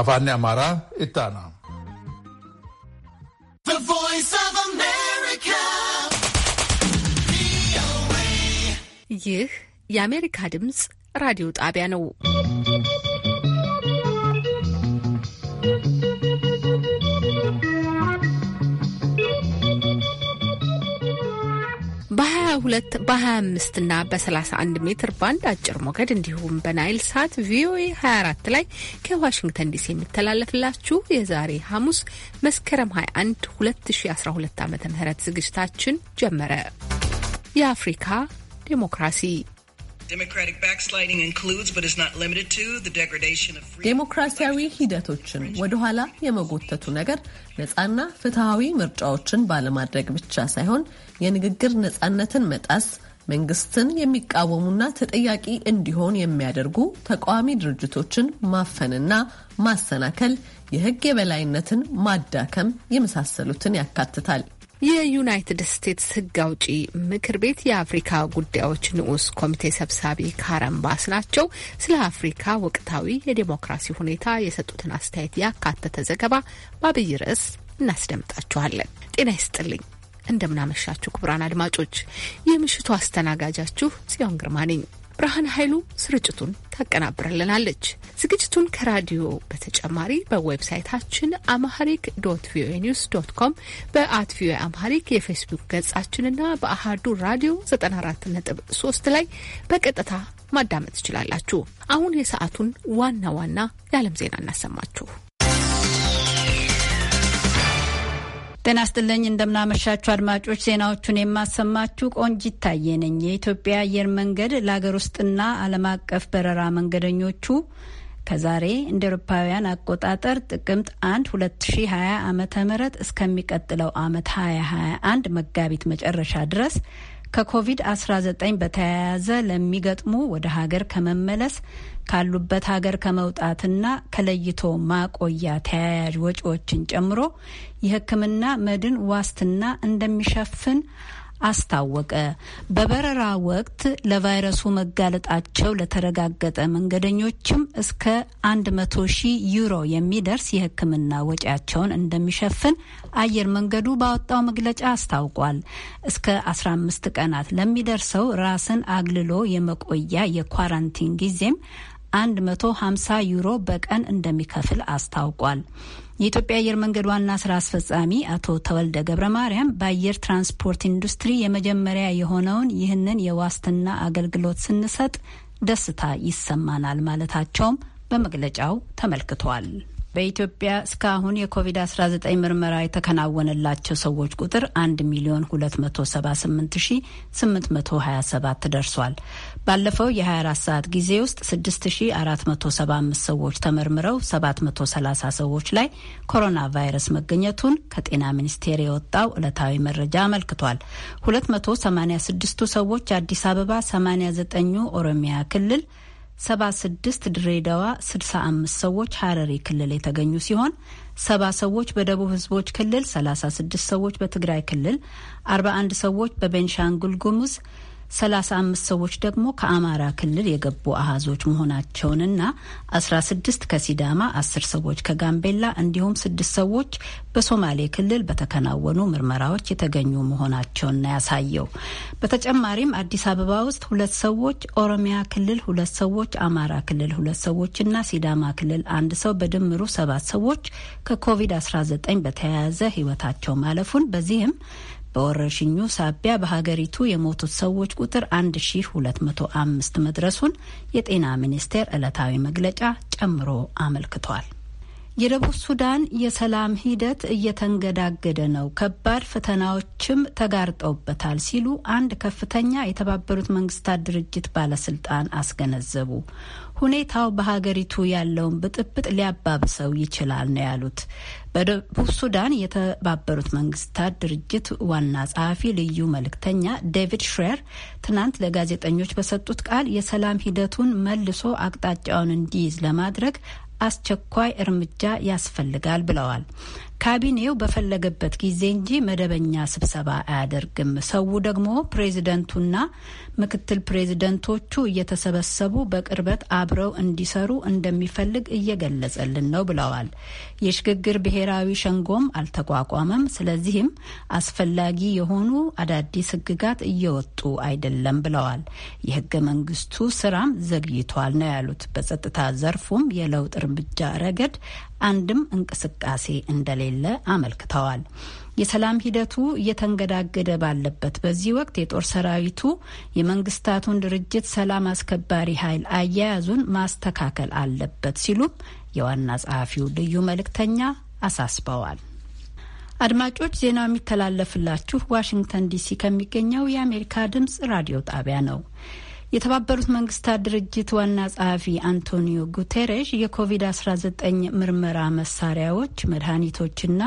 አፋኔ አማራ ኢታና ይህ የአሜሪካ ድምፅ ራዲዮ ጣቢያ ነው። በ በ25 እና በ31 ሜትር ባንድ አጭር ሞገድ እንዲሁም በናይል ሳት ቪኦኤ 24 ላይ ከዋሽንግተን ዲሲ የሚተላለፍላችሁ የዛሬ ሐሙስ መስከረም 21 2012 ዓ ም ዝግጅታችን ጀመረ። የአፍሪካ ዴሞክራሲ ዴሞክራሲያዊ ሂደቶችን ወደኋላ የመጎተቱ ነገር ነፃና ፍትሐዊ ምርጫዎችን ባለማድረግ ብቻ ሳይሆን የንግግር ነጻነትን መጣስ መንግስትን የሚቃወሙና ተጠያቂ እንዲሆን የሚያደርጉ ተቃዋሚ ድርጅቶችን ማፈንና ማሰናከል፣ የህግ የበላይነትን ማዳከም የመሳሰሉትን ያካትታል። የዩናይትድ ስቴትስ ህግ አውጪ ምክር ቤት የአፍሪካ ጉዳዮች ንዑስ ኮሚቴ ሰብሳቢ ካረን ባስ ናቸው። ስለ አፍሪካ ወቅታዊ የዴሞክራሲ ሁኔታ የሰጡትን አስተያየት ያካተተ ዘገባ በአብይ ርዕስ እናስደምጣችኋለን። ጤና ይስጥልኝ። እንደምናመሻችሁ ክቡራን አድማጮች፣ የምሽቱ አስተናጋጃችሁ ጽዮን ግርማ ነኝ። ብርሃን ኃይሉ ስርጭቱን ታቀናብርልናለች። ዝግጅቱን ከራዲዮ በተጨማሪ በዌብሳይታችን አማሐሪክ ዶት ቪኦኤ ኒውስ ዶት ኮም በአት ቪኦኤ አማሐሪክ የፌስቡክ ገጻችንና በአሃዱ ራዲዮ 94.3 ላይ በቀጥታ ማዳመጥ ትችላላችሁ። አሁን የሰዓቱን ዋና ዋና የዓለም ዜና እናሰማችሁ። ጤና ስጥልኝ እንደምናመሻችሁ አድማጮች፣ ዜናዎቹን የማሰማችሁ ቆንጂት ታየ ነኝ። የኢትዮጵያ አየር መንገድ ለሀገር ውስጥና ዓለም አቀፍ በረራ መንገደኞቹ ከዛሬ እንደ ኤሮፓውያን አቆጣጠር ጥቅምት 1 2020 ዓ ም እስከሚቀጥለው ዓመት 2021 መጋቢት መጨረሻ ድረስ ከኮቪድ-19 በተያያዘ ለሚገጥሙ ወደ ሀገር ከመመለስ ካሉበት ሀገር ከመውጣትና ከለይቶ ማቆያ ተያያዥ ወጪዎችን ጨምሮ የሕክምና መድን ዋስትና እንደሚሸፍን አስታወቀ። በበረራ ወቅት ለቫይረሱ መጋለጣቸው ለተረጋገጠ መንገደኞችም እስከ 100 ሺህ ዩሮ የሚደርስ የሕክምና ወጪያቸውን እንደሚሸፍን አየር መንገዱ ባወጣው መግለጫ አስታውቋል። እስከ 15 ቀናት ለሚደርሰው ራስን አግልሎ የመቆያ የኳራንቲን ጊዜም 150 ዩሮ በቀን እንደሚከፍል አስታውቋል። የኢትዮጵያ አየር መንገድ ዋና ስራ አስፈጻሚ አቶ ተወልደ ገብረ ማርያም በአየር ትራንስፖርት ኢንዱስትሪ የመጀመሪያ የሆነውን ይህንን የዋስትና አገልግሎት ስንሰጥ ደስታ ይሰማናል ማለታቸውም በመግለጫው ተመልክቷል። በኢትዮጵያ እስካሁን የኮቪድ-19 ምርመራ የተከናወነላቸው ሰዎች ቁጥር 1 ሚሊዮን 278827 ደርሷል። ባለፈው የ24 ሰዓት ጊዜ ውስጥ 6475 ሰዎች ተመርምረው 730 ሰዎች ላይ ኮሮና ቫይረስ መገኘቱን ከጤና ሚኒስቴር የወጣው ዕለታዊ መረጃ አመልክቷል። 286ቱ ሰዎች አዲስ አበባ፣ 89ኙ ኦሮሚያ ክልል 76 ድሬዳዋ፣ 65 ሰዎች ሀረሪ ክልል የተገኙ ሲሆን ሰባ ሰዎች በደቡብ ህዝቦች ክልል፣ 36 ሰዎች በትግራይ ክልል፣ 41 ሰዎች በቤንሻንጉል ጉሙዝ፣ ሰላሳ አምስት ሰዎች ደግሞ ከአማራ ክልል የገቡ አሃዞች መሆናቸውንና አስራ ስድስት ከሲዳማ፣ አስር ሰዎች ከጋምቤላ እንዲሁም ስድስት ሰዎች በሶማሌ ክልል በተከናወኑ ምርመራዎች የተገኙ መሆናቸውን ያሳየው። በተጨማሪም አዲስ አበባ ውስጥ ሁለት ሰዎች፣ ኦሮሚያ ክልል ሁለት ሰዎች፣ አማራ ክልል ሁለት ሰዎችና ሲዳማ ክልል አንድ ሰው በድምሩ ሰባት ሰዎች ከኮቪድ-19 በተያያዘ ህይወታቸው ማለፉን በዚህም በወረርሽኙ ሳቢያ በሀገሪቱ የሞቱት ሰዎች ቁጥር 1205 መድረሱን የጤና ሚኒስቴር ዕለታዊ መግለጫ ጨምሮ አመልክቷል። የደቡብ ሱዳን የሰላም ሂደት እየተንገዳገደ ነው፣ ከባድ ፈተናዎችም ተጋርጠውበታል ሲሉ አንድ ከፍተኛ የተባበሩት መንግስታት ድርጅት ባለስልጣን አስገነዘቡ። ሁኔታው በሀገሪቱ ያለውን ብጥብጥ ሊያባብሰው ይችላል ነው ያሉት። በደቡብ ሱዳን የተባበሩት መንግስታት ድርጅት ዋና ጸሐፊ ልዩ መልእክተኛ ዴቪድ ሽሬር ትናንት ለጋዜጠኞች በሰጡት ቃል የሰላም ሂደቱን መልሶ አቅጣጫውን እንዲይዝ ለማድረግ አስቸኳይ እርምጃ ያስፈልጋል ብለዋል። ካቢኔው በፈለገበት ጊዜ እንጂ መደበኛ ስብሰባ አያደርግም። ሰው ደግሞ ፕሬዚደንቱና ምክትል ፕሬዝደንቶቹ እየተሰበሰቡ በቅርበት አብረው እንዲሰሩ እንደሚፈልግ እየገለጸልን ነው ብለዋል። የሽግግር ብሔራዊ ሸንጎም አልተቋቋመም። ስለዚህም አስፈላጊ የሆኑ አዳዲስ ህግጋት እየወጡ አይደለም ብለዋል። የህገ መንግስቱ ስራም ዘግይቷል ነው ያሉት። በጸጥታ ዘርፉም የለውጥ እርምጃ ረገድ አንድም እንቅስቃሴ እንደሌለ አመልክተዋል። የሰላም ሂደቱ እየተንገዳገደ ባለበት በዚህ ወቅት የጦር ሰራዊቱ የመንግስታቱን ድርጅት ሰላም አስከባሪ ኃይል አያያዙን ማስተካከል አለበት ሲሉም የዋና ጸሐፊው ልዩ መልእክተኛ አሳስበዋል። አድማጮች ዜናው የሚተላለፍላችሁ ዋሽንግተን ዲሲ ከሚገኘው የአሜሪካ ድምጽ ራዲዮ ጣቢያ ነው። የተባበሩት መንግስታት ድርጅት ዋና ጸሐፊ አንቶኒዮ ጉቴሬሽ የኮቪድ-19 ምርመራ መሳሪያዎች፣ መድኃኒቶችና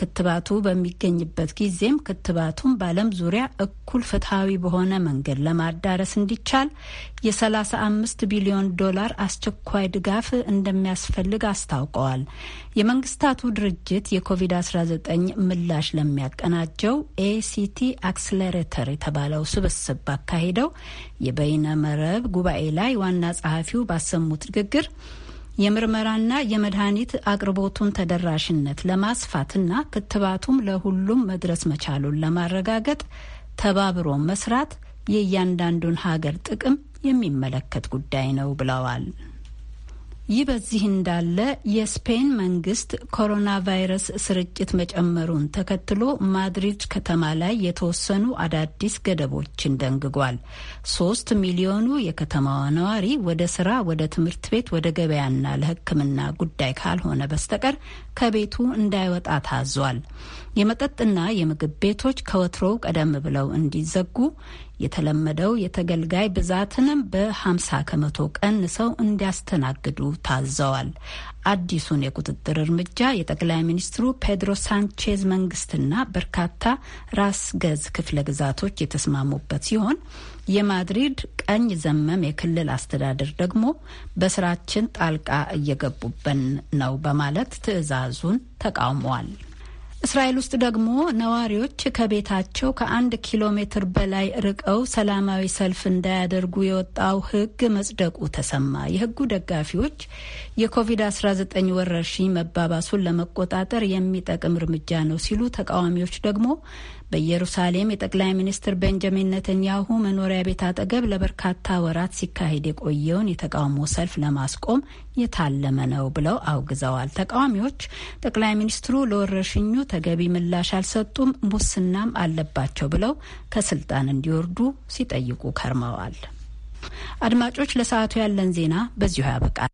ክትባቱ በሚገኝበት ጊዜም ክትባቱን በዓለም ዙሪያ እኩል ፍትሐዊ በሆነ መንገድ ለማዳረስ እንዲቻል የ35 ቢሊዮን ዶላር አስቸኳይ ድጋፍ እንደሚያስፈልግ አስታውቀዋል። የመንግስታቱ ድርጅት የኮቪድ-19 ምላሽ ለሚያቀናጀው ኤሲቲ አክስለሬተር የተባለው ስብስብ ባካሄደው የበይነ መረብ ጉባኤ ላይ ዋና ጸሐፊው ባሰሙት ንግግር የምርመራና የመድኃኒት አቅርቦቱን ተደራሽነት ለማስፋትና ክትባቱም ለሁሉም መድረስ መቻሉን ለማረጋገጥ ተባብሮ መስራት የእያንዳንዱን ሀገር ጥቅም የሚመለከት ጉዳይ ነው ብለዋል። ይህ በዚህ እንዳለ የስፔን መንግስት ኮሮና ቫይረስ ስርጭት መጨመሩን ተከትሎ ማድሪድ ከተማ ላይ የተወሰኑ አዳዲስ ገደቦችን ደንግጓል። ሶስት ሚሊዮኑ የከተማዋ ነዋሪ ወደ ስራ፣ ወደ ትምህርት ቤት፣ ወደ ገበያና ለሕክምና ጉዳይ ካልሆነ በስተቀር ከቤቱ እንዳይወጣ ታዟል። የመጠጥና የምግብ ቤቶች ከወትሮው ቀደም ብለው እንዲዘጉ፣ የተለመደው የተገልጋይ ብዛትንም በ50 ከመቶ ቀንሰው እንዲያስተናግዱ ታዘዋል። አዲሱን የቁጥጥር እርምጃ የጠቅላይ ሚኒስትሩ ፔድሮ ሳንቼዝ መንግስትና በርካታ ራስ ገዝ ክፍለ ግዛቶች የተስማሙበት ሲሆን የማድሪድ ቀኝ ዘመም የክልል አስተዳደር ደግሞ በስራችን ጣልቃ እየገቡብን ነው በማለት ትዕዛዙን ተቃውመዋል። እስራኤል ውስጥ ደግሞ ነዋሪዎች ከቤታቸው ከአንድ ኪሎ ሜትር በላይ ርቀው ሰላማዊ ሰልፍ እንዳያደርጉ የወጣው ሕግ መጽደቁ ተሰማ። የሕጉ ደጋፊዎች የኮቪድ-19 ወረርሽኝ መባባሱን ለመቆጣጠር የሚጠቅም እርምጃ ነው ሲሉ፣ ተቃዋሚዎች ደግሞ በኢየሩሳሌም የጠቅላይ ሚኒስትር ቤንጃሚን ነተንያሁ መኖሪያ ቤት አጠገብ ለበርካታ ወራት ሲካሄድ የቆየውን የተቃውሞ ሰልፍ ለማስቆም የታለመ ነው ብለው አውግዘዋል። ተቃዋሚዎች ጠቅላይ ሚኒስትሩ ለወረርሽኙ ተገቢ ምላሽ አልሰጡም፣ ሙስናም አለባቸው ብለው ከስልጣን እንዲወርዱ ሲጠይቁ ከርመዋል። አድማጮች፣ ለሰዓቱ ያለን ዜና በዚሁ ያበቃል።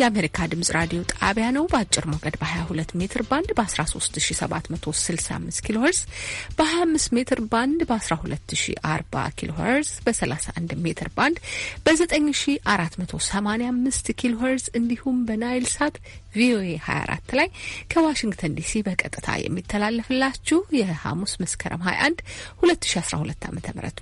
የአሜሪካ ድምጽ ራዲዮ ጣቢያ ነው። በአጭር ሞገድ በ22 ሜትር ባንድ በ13765 ኪሎ ሄርዝ፣ በ25 ሜትር ባንድ በ1240 ኪሎ ሄርዝ፣ በ31 ሜትር ባንድ በ9485 ኪሎ ሄርዝ እንዲሁም በናይል ሳት ቪኦኤ 24 ላይ ከዋሽንግተን ዲሲ በቀጥታ የሚተላለፍላችሁ የሐሙስ መስከረም 21 2012 ዓ ም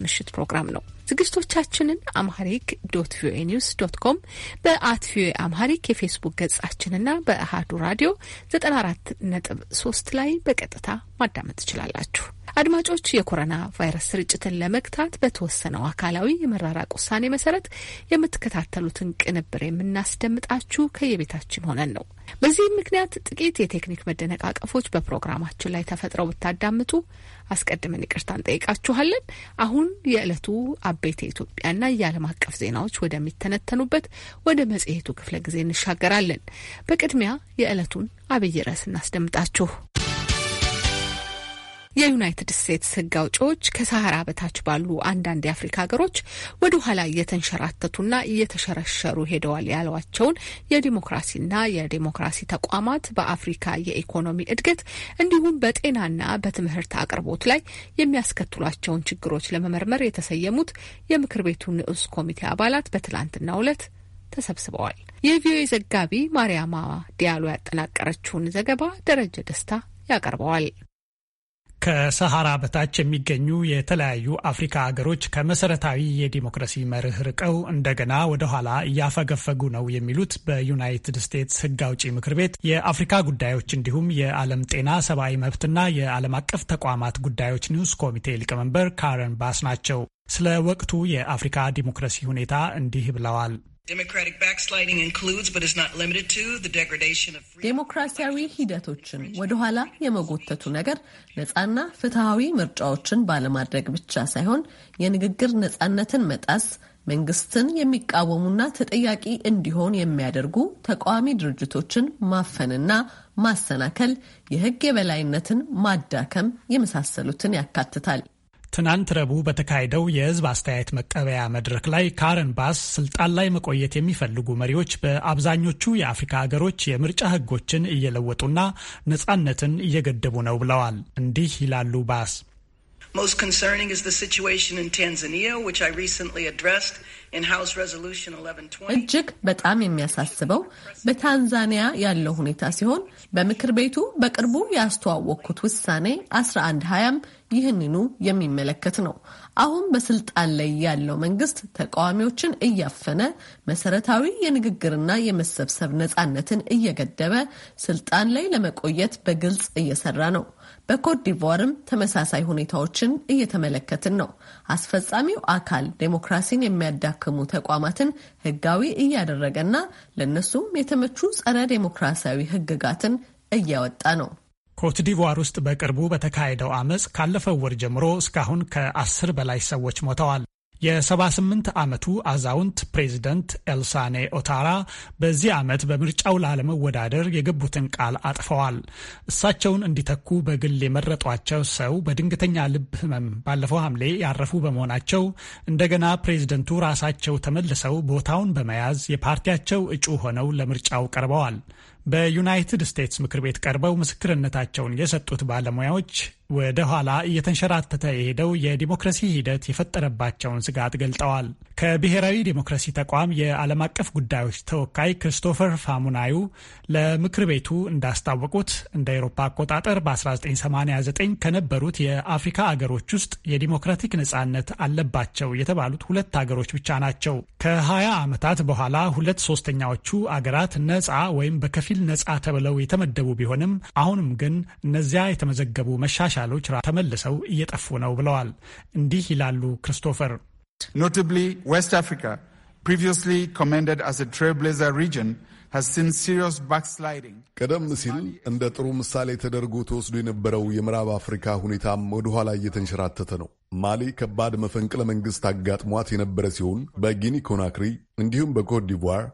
ምሽት ፕሮግራም ነው። ዝግጅቶቻችንን አምሃሪክ ዶት ቪኦኤ ኒውስ ዶት ኮም በአት ቪኦኤ አምሃሪክ የፌስቡክ ገጻችንና በአህዱ ራዲዮ 94.3 ላይ በቀጥታ ማዳመጥ ትችላላችሁ። አድማጮች የኮሮና ቫይረስ ስርጭትን ለመግታት በተወሰነው አካላዊ የመራራቅ ውሳኔ መሰረት የምትከታተሉትን ቅንብር የምናስደምጣችሁ ከየቤታችን ሆነን ነው። በዚህም ምክንያት ጥቂት የቴክኒክ መደነቃቀፎች በፕሮግራማችን ላይ ተፈጥረው ብታዳምጡ አስቀድመን ይቅርታ እንጠይቃችኋለን። አሁን የዕለቱ አበይት የኢትዮጵያና የዓለም አቀፍ ዜናዎች ወደሚተነተኑበት ወደ መጽሔቱ ክፍለ ጊዜ እንሻገራለን። በቅድሚያ የዕለቱን አብይ ርዕስ እናስደምጣችሁ። የዩናይትድ ስቴትስ ሕግ አውጪዎች ከሰሐራ በታች ባሉ አንዳንድ የአፍሪካ ሀገሮች ወደ ኋላ እየተንሸራተቱና እየተሸረሸሩ ሄደዋል ያሏቸውን የዲሞክራሲና የዲሞክራሲ ተቋማት በአፍሪካ የኢኮኖሚ እድገት እንዲሁም በጤናና በትምህርት አቅርቦት ላይ የሚያስከትሏቸውን ችግሮች ለመመርመር የተሰየሙት የምክር ቤቱ ንዑስ ኮሚቴ አባላት በትላንትናው ዕለት ተሰብስበዋል። የቪኦኤ ዘጋቢ ማርያማ ዲያሎ ያጠናቀረችውን ዘገባ ደረጀ ደስታ ያቀርበዋል። ከሰሃራ በታች የሚገኙ የተለያዩ አፍሪካ ሀገሮች ከመሰረታዊ የዲሞክራሲ መርህ ርቀው እንደገና ወደ ኋላ እያፈገፈጉ ነው የሚሉት በዩናይትድ ስቴትስ ሕግ አውጪ ምክር ቤት የአፍሪካ ጉዳዮች እንዲሁም የዓለም ጤና ሰብአዊ መብትና የዓለም አቀፍ ተቋማት ጉዳዮች ኒውስ ኮሚቴ ሊቀመንበር ካረን ባስ ናቸው። ስለ ወቅቱ የአፍሪካ ዲሞክራሲ ሁኔታ እንዲህ ብለዋል። ዴሞክራሲያዊ ሂደቶችን ወደኋላ የመጎተቱ ነገር ነጻና ፍትሐዊ ምርጫዎችን ባለማድረግ ብቻ ሳይሆን የንግግር ነጻነትን መጣስ መንግስትን የሚቃወሙና ተጠያቂ እንዲሆን የሚያደርጉ ተቃዋሚ ድርጅቶችን ማፈንና ማሰናከል፣ የህግ የበላይነትን ማዳከም የመሳሰሉትን ያካትታል። ትናንት ረቡዕ በተካሄደው የህዝብ አስተያየት መቀበያ መድረክ ላይ ካረን ባስ ስልጣን ላይ መቆየት የሚፈልጉ መሪዎች በአብዛኞቹ የአፍሪካ ሀገሮች የምርጫ ህጎችን እየለወጡና ነጻነትን እየገደቡ ነው ብለዋል። እንዲህ ይላሉ ባስ Most concerning is the situation in Tanzania, which I recently addressed in House Resolution 1120. እጅግ በጣም የሚያሳስበው በታንዛኒያ ያለው ሁኔታ ሲሆን በምክር ቤቱ በቅርቡ ያስተዋወቅኩት ውሳኔ 1120ም ይህንኑ የሚመለከት ነው። አሁን በስልጣን ላይ ያለው መንግስት ተቃዋሚዎችን እያፈነ መሰረታዊ የንግግርና የመሰብሰብ ነፃነትን እየገደበ ስልጣን ላይ ለመቆየት በግልጽ እየሰራ ነው። በኮትዲቯርም ተመሳሳይ ሁኔታዎችን እየተመለከትን ነው። አስፈጻሚው አካል ዴሞክራሲን የሚያዳክሙ ተቋማትን ህጋዊ እያደረገና ለእነሱም የተመቹ ጸረ ዴሞክራሲያዊ ህግጋትን እያወጣ ነው። ኮትዲቯር ውስጥ በቅርቡ በተካሄደው አመፅ ካለፈው ወር ጀምሮ እስካሁን ከአስር በላይ ሰዎች ሞተዋል። የ78 ዓመቱ አዛውንት ፕሬዚደንት ኤልሳኔ ኦታራ በዚህ ዓመት በምርጫው ላለመወዳደር የገቡትን ቃል አጥፈዋል። እሳቸውን እንዲተኩ በግል የመረጧቸው ሰው በድንገተኛ ልብ ህመም ባለፈው ሐምሌ ያረፉ በመሆናቸው እንደገና ፕሬዚደንቱ ራሳቸው ተመልሰው ቦታውን በመያዝ የፓርቲያቸው እጩ ሆነው ለምርጫው ቀርበዋል። በዩናይትድ ስቴትስ ምክር ቤት ቀርበው ምስክርነታቸውን የሰጡት ባለሙያዎች ወደ ኋላ እየተንሸራተተ የሄደው የዲሞክራሲ ሂደት የፈጠረባቸውን ስጋት ገልጠዋል። ከብሔራዊ ዲሞክራሲ ተቋም የዓለም አቀፍ ጉዳዮች ተወካይ ክሪስቶፈር ፋሙናዩ ለምክር ቤቱ እንዳስታወቁት እንደ አውሮፓ አቆጣጠር በ1989 ከነበሩት የአፍሪካ አገሮች ውስጥ የዲሞክራቲክ ነጻነት አለባቸው የተባሉት ሁለት አገሮች ብቻ ናቸው። ከ20 ዓመታት በኋላ ሁለት ሶስተኛዎቹ አገራት ነጻ ወይም በከፊል ነጻ ተብለው የተመደቡ ቢሆንም አሁንም ግን እነዚያ የተመዘገቡ መሻሻ መሻሻሎች ተመልሰው እየጠፉ ነው ብለዋል። እንዲህ ይላሉ ክርስቶፈር። ኖታብሊ ዌስት አፍሪካ ፕሪቪየስሊ ኮሜንደድ አስ ኤ ትሬልብሌዘር ሪጅን ቀደም ሲል እንደ ጥሩ ምሳሌ ተደርጎ ተወስዶ የነበረው የምዕራብ አፍሪካ ሁኔታም ወደ ኋላ እየተንሸራተተ ነው። ማሊ ከባድ መፈንቅለ መንግስት አጋጥሟት የነበረ ሲሆን በጊኒ ኮናክሪ እንዲሁም ዲቯር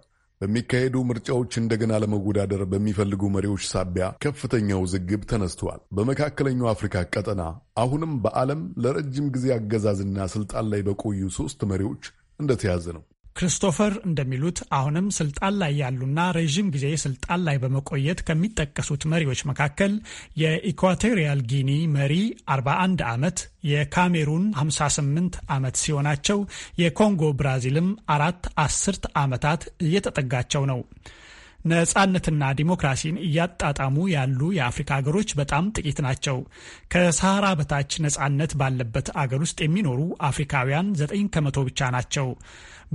በሚካሄዱ ምርጫዎች እንደገና ለመወዳደር በሚፈልጉ መሪዎች ሳቢያ ከፍተኛ ውዝግብ ተነስተዋል። በመካከለኛው አፍሪካ ቀጠና አሁንም በዓለም ለረጅም ጊዜ አገዛዝና ስልጣን ላይ በቆዩ ሶስት መሪዎች እንደተያዘ ነው። ክሪስቶፈር እንደሚሉት አሁንም ስልጣን ላይ ያሉና ረዥም ጊዜ ስልጣን ላይ በመቆየት ከሚጠቀሱት መሪዎች መካከል የኢኳቶሪያል ጊኒ መሪ 41 ዓመት፣ የካሜሩን 58 ዓመት ሲሆናቸው የኮንጎ ብራዚልም አራት አስርት ዓመታት እየተጠጋቸው ነው። ነጻነትና ዲሞክራሲን እያጣጣሙ ያሉ የአፍሪካ ሀገሮች በጣም ጥቂት ናቸው። ከሰሃራ በታች ነጻነት ባለበት አገር ውስጥ የሚኖሩ አፍሪካውያን ዘጠኝ ከመቶ ብቻ ናቸው።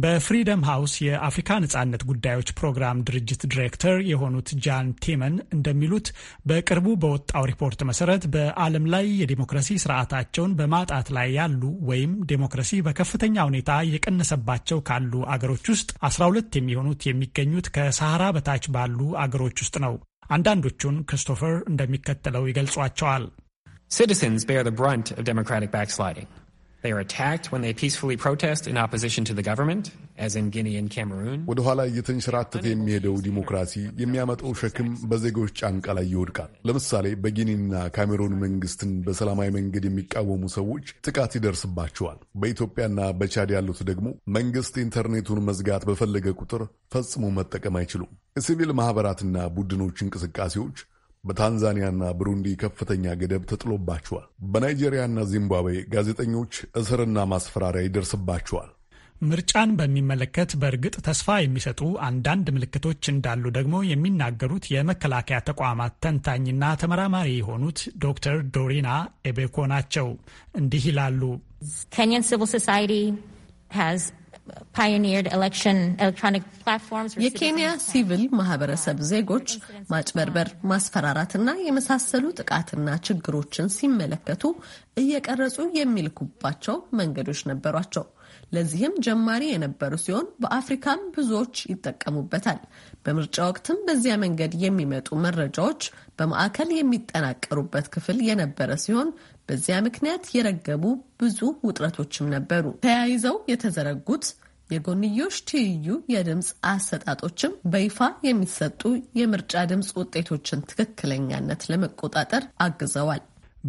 በፍሪደም ሃውስ የአፍሪካ ነጻነት ጉዳዮች ፕሮግራም ድርጅት ዲሬክተር የሆኑት ጃን ቲመን እንደሚሉት በቅርቡ በወጣው ሪፖርት መሰረት በዓለም ላይ የዴሞክራሲ ስርዓታቸውን በማጣት ላይ ያሉ ወይም ዴሞክራሲ በከፍተኛ ሁኔታ የቀነሰባቸው ካሉ አገሮች ውስጥ 12 የሚሆኑት የሚገኙት ከሳህራ በታች ባሉ አገሮች ውስጥ ነው። አንዳንዶቹን ክርስቶፈር እንደሚከተለው ይገልጿቸዋል። Citizens bear ወደ ኋላ እየተንሸራተተ የሚሄደው ዲሞክራሲ የሚያመጣው ሸክም በዜጎች ጫንቃ ላይ ይወድቃል። ለምሳሌ በጊኒና ካሜሩን መንግስትን በሰላማዊ መንገድ የሚቃወሙ ሰዎች ጥቃት ይደርስባቸዋል። በኢትዮጵያና በቻድ ያሉት ደግሞ መንግስት ኢንተርኔቱን መዝጋት በፈለገ ቁጥር ፈጽሞ መጠቀም አይችሉም። የሲቪል ማህበራትና ቡድኖች እንቅስቃሴዎች በታንዛኒያና ብሩንዲ ከፍተኛ ገደብ ተጥሎባቸዋል። በናይጄሪያና ዚምባብዌ ጋዜጠኞች እስርና ማስፈራሪያ ይደርስባቸዋል። ምርጫን በሚመለከት በእርግጥ ተስፋ የሚሰጡ አንዳንድ ምልክቶች እንዳሉ ደግሞ የሚናገሩት የመከላከያ ተቋማት ተንታኝና ተመራማሪ የሆኑት ዶክተር ዶሪና ኤቤኮ ናቸው። እንዲህ ይላሉ። ኬንያን ሲቪል ሶሳይቲ የኬንያ ሲቪል ማህበረሰብ ዜጎች ማጭበርበር፣ ማስፈራራትና የመሳሰሉ ጥቃትና ችግሮችን ሲመለከቱ እየቀረጹ የሚልኩባቸው መንገዶች ነበሯቸው። ለዚህም ጀማሪ የነበሩ ሲሆን በአፍሪካም ብዙዎች ይጠቀሙበታል። በምርጫ ወቅትም በዚያ መንገድ የሚመጡ መረጃዎች በማዕከል የሚጠናቀሩበት ክፍል የነበረ ሲሆን በዚያ ምክንያት የረገቡ ብዙ ውጥረቶችም ነበሩ። ተያይዘው የተዘረጉት የጎንዮሽ ትይዩ የድምፅ አሰጣጦችም በይፋ የሚሰጡ የምርጫ ድምፅ ውጤቶችን ትክክለኛነት ለመቆጣጠር አግዘዋል።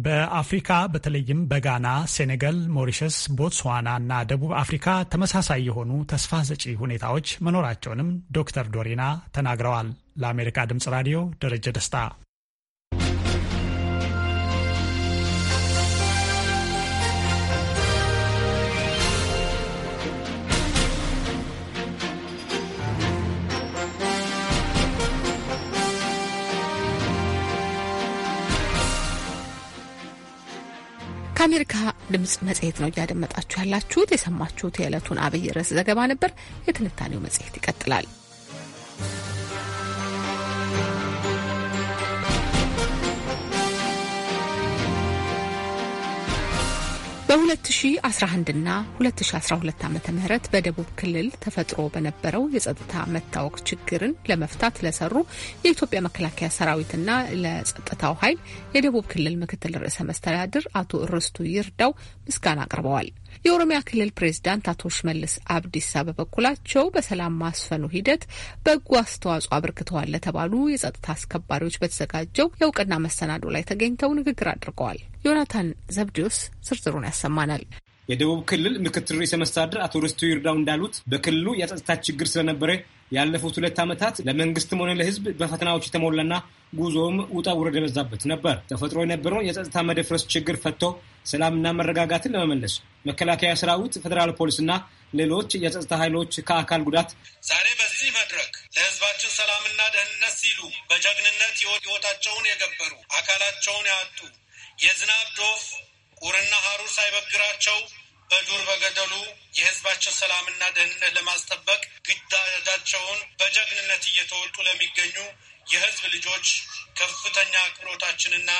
በአፍሪካ በተለይም በጋና፣ ሴኔጋል፣ ሞሪሸስ፣ ቦትስዋና እና ደቡብ አፍሪካ ተመሳሳይ የሆኑ ተስፋ ሰጪ ሁኔታዎች መኖራቸውንም ዶክተር ዶሪና ተናግረዋል። ለአሜሪካ ድምፅ ራዲዮ ደረጀ ደስታ ከአሜሪካ ድምፅ መጽሔት ነው እያደመጣችሁ ያላችሁት። የሰማችሁት የዕለቱን አብይ ርዕስ ዘገባ ነበር። የትንታኔው መጽሔት ይቀጥላል። በ2011 እና 2012 ዓ ም በደቡብ ክልል ተፈጥሮ በነበረው የጸጥታ መታወቅ ችግርን ለመፍታት ለሰሩ የኢትዮጵያ መከላከያ ሰራዊትና ለጸጥታው ኃይል የደቡብ ክልል ምክትል ርዕሰ መስተዳድር አቶ ርስቱ ይርዳው ምስጋና አቅርበዋል። የኦሮሚያ ክልል ፕሬዚዳንት አቶ ሽመልስ አብዲሳ በበኩላቸው በሰላም ማስፈኑ ሂደት በጎ አስተዋጽኦ አበርክተዋል ለተባሉ የጸጥታ አስከባሪዎች በተዘጋጀው የእውቅና መሰናዶ ላይ ተገኝተው ንግግር አድርገዋል። ዮናታን ዘብዲዮስ ዝርዝሩን ያሰማናል። የደቡብ ክልል ምክትል ርዕሰ መስተዳድር አቶ ርስቱ ይርዳው እንዳሉት በክልሉ የጸጥታ ችግር ስለነበረ ያለፉት ሁለት ዓመታት ለመንግስትም ሆነ ለህዝብ በፈተናዎች የተሞላና ጉዞውም ውጣ ውረድ የበዛበት ነበር። ተፈጥሮ የነበረውን የጸጥታ መደፍረስ ችግር ፈቶ ሰላምና መረጋጋትን ለመመለስ መከላከያ ሰራዊት፣ ፌዴራል ፖሊስና ሌሎች የጸጥታ ኃይሎች ከአካል ጉዳት ዛሬ በዚህ መድረክ ለህዝባችን ሰላምና ደህንነት ሲሉ በጀግንነት ህይወታቸውን የገበሩ አካላቸውን ያጡ የዝናብ ዶፍ ቁርና ሀሩር ሳይበግራቸው በዱር በገደሉ የህዝባቸው ሰላምና ደህንነት ለማስጠበቅ ግዳዳቸውን በጀግንነት እየተወጡ ለሚገኙ የህዝብ ልጆች ከፍተኛ አክብሮታችንና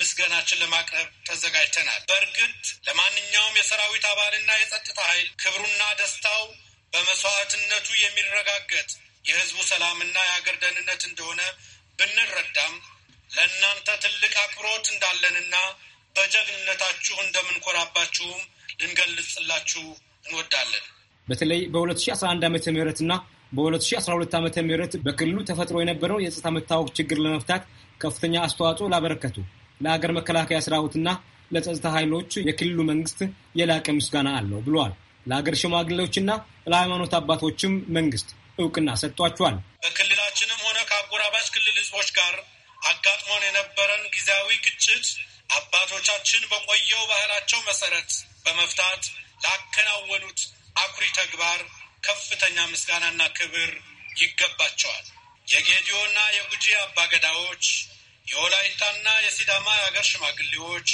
ምስጋናችን ለማቅረብ ተዘጋጅተናል። በእርግጥ ለማንኛውም የሰራዊት አባልና የጸጥታ ኃይል ክብሩና ደስታው በመስዋዕትነቱ የሚረጋገጥ የህዝቡ ሰላምና የሀገር ደህንነት እንደሆነ ብንረዳም ለእናንተ ትልቅ አክብሮት እንዳለንና በጀግንነታችሁ እንደምንኮራባችሁም ልንገልጽላችሁ እንወዳለን። በተለይ በ2011 ዓ እና በ2012 ዓ ም በክልሉ ተፈጥሮ የነበረው የጸጥታ መታወቅ ችግር ለመፍታት ከፍተኛ አስተዋጽኦ ላበረከቱ ለሀገር መከላከያ ሰራዊትና ለጸጥታ ኃይሎች የክልሉ መንግስት የላቀ ምስጋና አለው ብለዋል። ለሀገር ሽማግሌዎችና ለሃይማኖት አባቶችም መንግስት እውቅና ሰጥቷቸዋል። በክልላችንም ሆነ ከአጎራባች ክልል ህዝቦች ጋር አጋጥሞን የነበረን ጊዜያዊ ግጭት አባቶቻችን በቆየው ባህላቸው መሰረት በመፍታት ላከናወኑት አኩሪ ተግባር ከፍተኛ ምስጋናና ክብር ይገባቸዋል። የጌዲዮና የጉጂ አባገዳዎች፣ የወላይታና የሲዳማ የአገር ሽማግሌዎች፣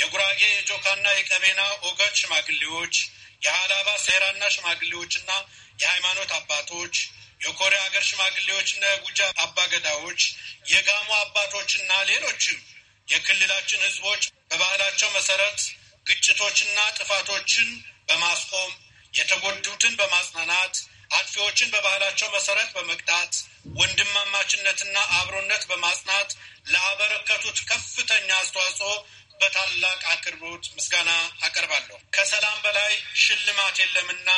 የጉራጌ የጆካና የቀቤና ኦገድ ሽማግሌዎች፣ የሃላባ ሴራና ሽማግሌዎችና የሃይማኖት አባቶች፣ የኮሪያ አገር ሽማግሌዎችና የጉጂ አባገዳዎች፣ የጋሞ አባቶችና ሌሎችም የክልላችን ህዝቦች በባህላቸው መሰረት ግጭቶችና ጥፋቶችን በማስቆም የተጎዱትን በማጽናናት አጥፊዎችን በባህላቸው መሰረት በመቅጣት ወንድማማችነትና አብሮነት በማጽናት ላበረከቱት ከፍተኛ አስተዋጽኦ በታላቅ አክብሮት ምስጋና አቀርባለሁ። ከሰላም በላይ ሽልማት የለምና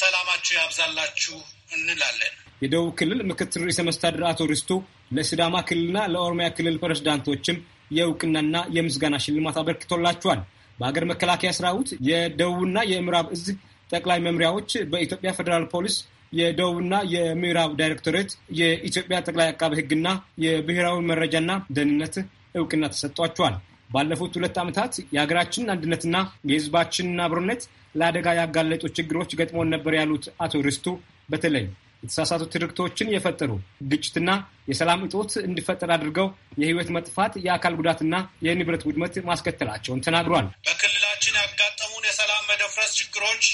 ሰላማችሁ ያብዛላችሁ እንላለን። የደቡብ ክልል ምክትል ርዕሰ መስተዳድር አቶ ሪስቱ ለሲዳማ ክልልና ለኦሮሚያ ክልል ፕሬዝዳንቶችም የእውቅናና የምስጋና ሽልማት አበርክቶላቸዋል። በሀገር መከላከያ ሰራዊት የደቡብና የምዕራብ እዝ ጠቅላይ መምሪያዎች፣ በኢትዮጵያ ፌዴራል ፖሊስ የደቡብና የምዕራብ ዳይሬክቶሬት፣ የኢትዮጵያ ጠቅላይ አቃቢ ሕግና የብሔራዊ መረጃና ደህንነት እውቅና ተሰጥቷቸዋል። ባለፉት ሁለት ዓመታት የሀገራችን አንድነትና የሕዝባችንን አብሮነት ለአደጋ ያጋለጡ ችግሮች ገጥሞን ነበር ያሉት አቶ ርስቱ በተለይ የተሳሳቱ ትርክቶችን የፈጠሩ ግጭትና የሰላም እጦት እንዲፈጠር አድርገው የህይወት መጥፋት፣ የአካል ጉዳትና የንብረት ውድመት ማስከተላቸውን ተናግሯል። በክልላችን ያጋጠሙን የሰላም መደፍረስ ችግሮች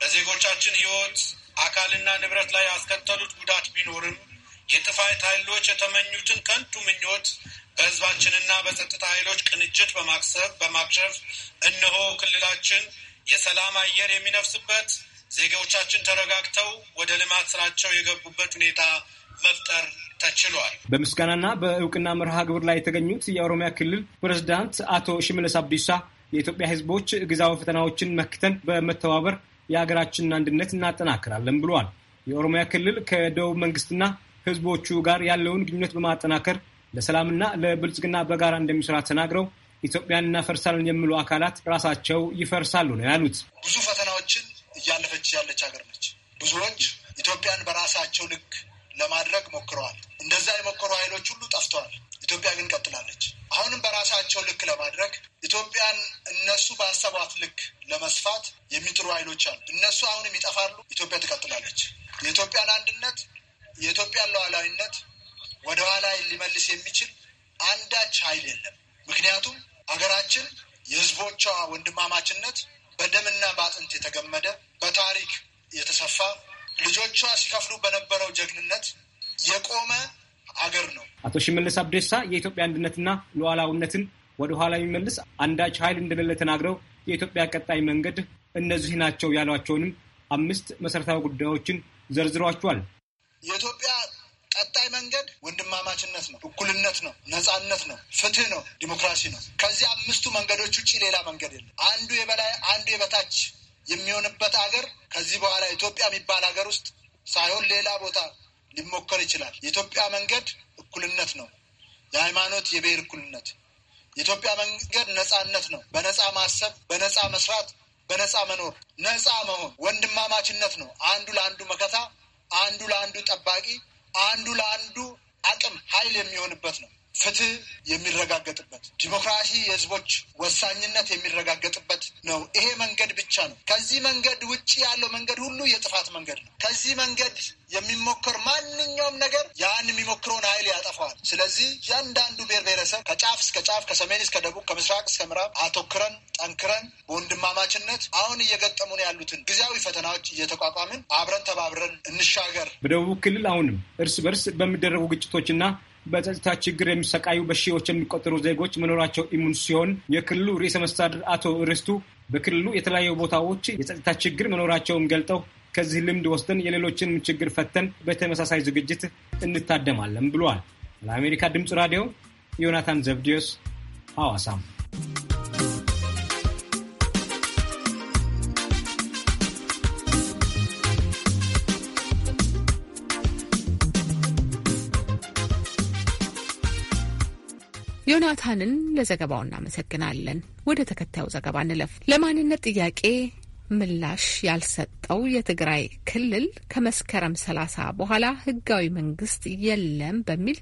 በዜጎቻችን ህይወት አካልና ንብረት ላይ ያስከተሉት ጉዳት ቢኖርም የጥፋት ኃይሎች የተመኙትን ከንቱ ምኞት በህዝባችንና በጸጥታ ኃይሎች ቅንጅት በማክሰብ በማክሸፍ እነሆ ክልላችን የሰላም አየር የሚነፍስበት ዜጋዎቻችን ተረጋግተው ወደ ልማት ስራቸው የገቡበት ሁኔታ መፍጠር ተችሏል። በምስጋናና በእውቅና መርሃ ግብር ላይ የተገኙት የኦሮሚያ ክልል ፕሬዝዳንት አቶ ሽመለስ አብዲሳ የኢትዮጵያ ሕዝቦች ግዛዊ ፈተናዎችን መክተን በመተባበር የሀገራችንን አንድነት እናጠናክራለን ብሏል። የኦሮሚያ ክልል ከደቡብ መንግስትና ሕዝቦቹ ጋር ያለውን ግንኙነት በማጠናከር ለሰላምና ለብልጽግና በጋራ እንደሚሰራ ተናግረው ኢትዮጵያን እናፈርሳለን የሚሉ አካላት ራሳቸው ይፈርሳሉ ነው ያሉት። ብዙ ፈተናዎችን እያለፈች ያለች ሀገር ነች። ብዙዎች ኢትዮጵያን በራሳቸው ልክ ለማድረግ ሞክረዋል። እንደዛ የሞከሩ ኃይሎች ሁሉ ጠፍተዋል። ኢትዮጵያ ግን ቀጥላለች። አሁንም በራሳቸው ልክ ለማድረግ ኢትዮጵያን እነሱ በአሰቧት ልክ ለመስፋት የሚጥሩ ኃይሎች አሉ። እነሱ አሁንም ይጠፋሉ። ኢትዮጵያ ትቀጥላለች። የኢትዮጵያን አንድነት፣ የኢትዮጵያን ሉዓላዊነት ወደኋላ ሊመልስ የሚችል አንዳች ኃይል የለም። ምክንያቱም ሀገራችን የህዝቦቿ ወንድማማችነት በደምና በአጥንት የተገመደ በታሪክ የተሰፋ ልጆቿ ሲከፍሉ በነበረው ጀግንነት የቆመ አገር ነው። አቶ ሽመልስ አብዴሳ የኢትዮጵያ አንድነትና ሉዓላዊነትን ወደኋላ የሚመልስ አንዳች ኃይል እንደሌለ ተናግረው የኢትዮጵያ ቀጣይ መንገድ እነዚህ ናቸው ያሏቸውንም አምስት መሰረታዊ ጉዳዮችን ዘርዝሯቸዋል። የኢትዮጵያ ቀጣይ መንገድ ወንድማማችነት ነው፣ እኩልነት ነው፣ ነፃነት ነው፣ ፍትህ ነው፣ ዲሞክራሲ ነው። ከዚህ አምስቱ መንገዶች ውጭ ሌላ መንገድ የለም። አንዱ የበላይ አንዱ የበታች የሚሆንበት ሀገር ከዚህ በኋላ ኢትዮጵያ የሚባል ሀገር ውስጥ ሳይሆን ሌላ ቦታ ሊሞከር ይችላል። የኢትዮጵያ መንገድ እኩልነት ነው። የሃይማኖት የብሔር እኩልነት። የኢትዮጵያ መንገድ ነፃነት ነው። በነፃ ማሰብ፣ በነፃ መስራት፣ በነፃ መኖር፣ ነፃ መሆን፣ ወንድማማችነት ነው። አንዱ ለአንዱ መከታ፣ አንዱ ለአንዱ ጠባቂ፣ አንዱ ለአንዱ አቅም ኃይል የሚሆንበት ነው። ፍትህ የሚረጋገጥበት ዲሞክራሲ የህዝቦች ወሳኝነት የሚረጋገጥበት ነው። ይሄ መንገድ ብቻ ነው። ከዚህ መንገድ ውጭ ያለው መንገድ ሁሉ የጥፋት መንገድ ነው። ከዚህ መንገድ የሚሞከር ማንኛውም ነገር ያን የሚሞክረውን ኃይል ያጠፋዋል። ስለዚህ እያንዳንዱ ብሔር ብሔረሰብ ከጫፍ እስከ ጫፍ ከሰሜን እስከ ደቡብ ከምስራቅ እስከ ምዕራብ አቶክረን ጠንክረን በወንድማማችነት አሁን እየገጠሙን ያሉትን ጊዜያዊ ፈተናዎች እየተቋቋምን አብረን ተባብረን እንሻገር። በደቡብ ክልል አሁንም እርስ በርስ በሚደረጉ ግጭቶችና በጸጥታ ችግር የሚሰቃዩ በሺዎች የሚቆጠሩ ዜጎች መኖራቸው ኢሙን ሲሆን የክልሉ ርዕሰ መስተዳድር አቶ ርስቱ በክልሉ የተለያዩ ቦታዎች የጸጥታ ችግር መኖራቸውን ገልጠው ከዚህ ልምድ ወስደን የሌሎችንም ችግር ፈተን በተመሳሳይ ዝግጅት እንታደማለን ብለዋል። ለአሜሪካ ድምፅ ራዲዮ ዮናታን ዘብዲዮስ ሐዋሳም ዮናታንን ለዘገባው እናመሰግናለን። ወደ ተከታዩ ዘገባ እንለፍ። ለማንነት ጥያቄ ምላሽ ያልሰጠው የትግራይ ክልል ከመስከረም ሰላሳ በኋላ ህጋዊ መንግስት የለም በሚል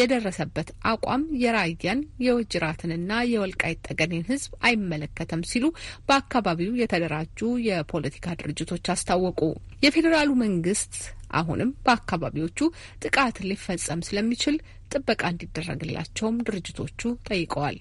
የደረሰበት አቋም የራያን የወጅራትንና የወልቃይት ጠገዴን ህዝብ አይመለከተም ሲሉ በአካባቢው የተደራጁ የፖለቲካ ድርጅቶች አስታወቁ። የፌዴራሉ መንግስት አሁንም በአካባቢዎቹ ጥቃት ሊፈጸም ስለሚችል ጥበቃ እንዲደረግላቸውም ድርጅቶቹ ጠይቀዋል።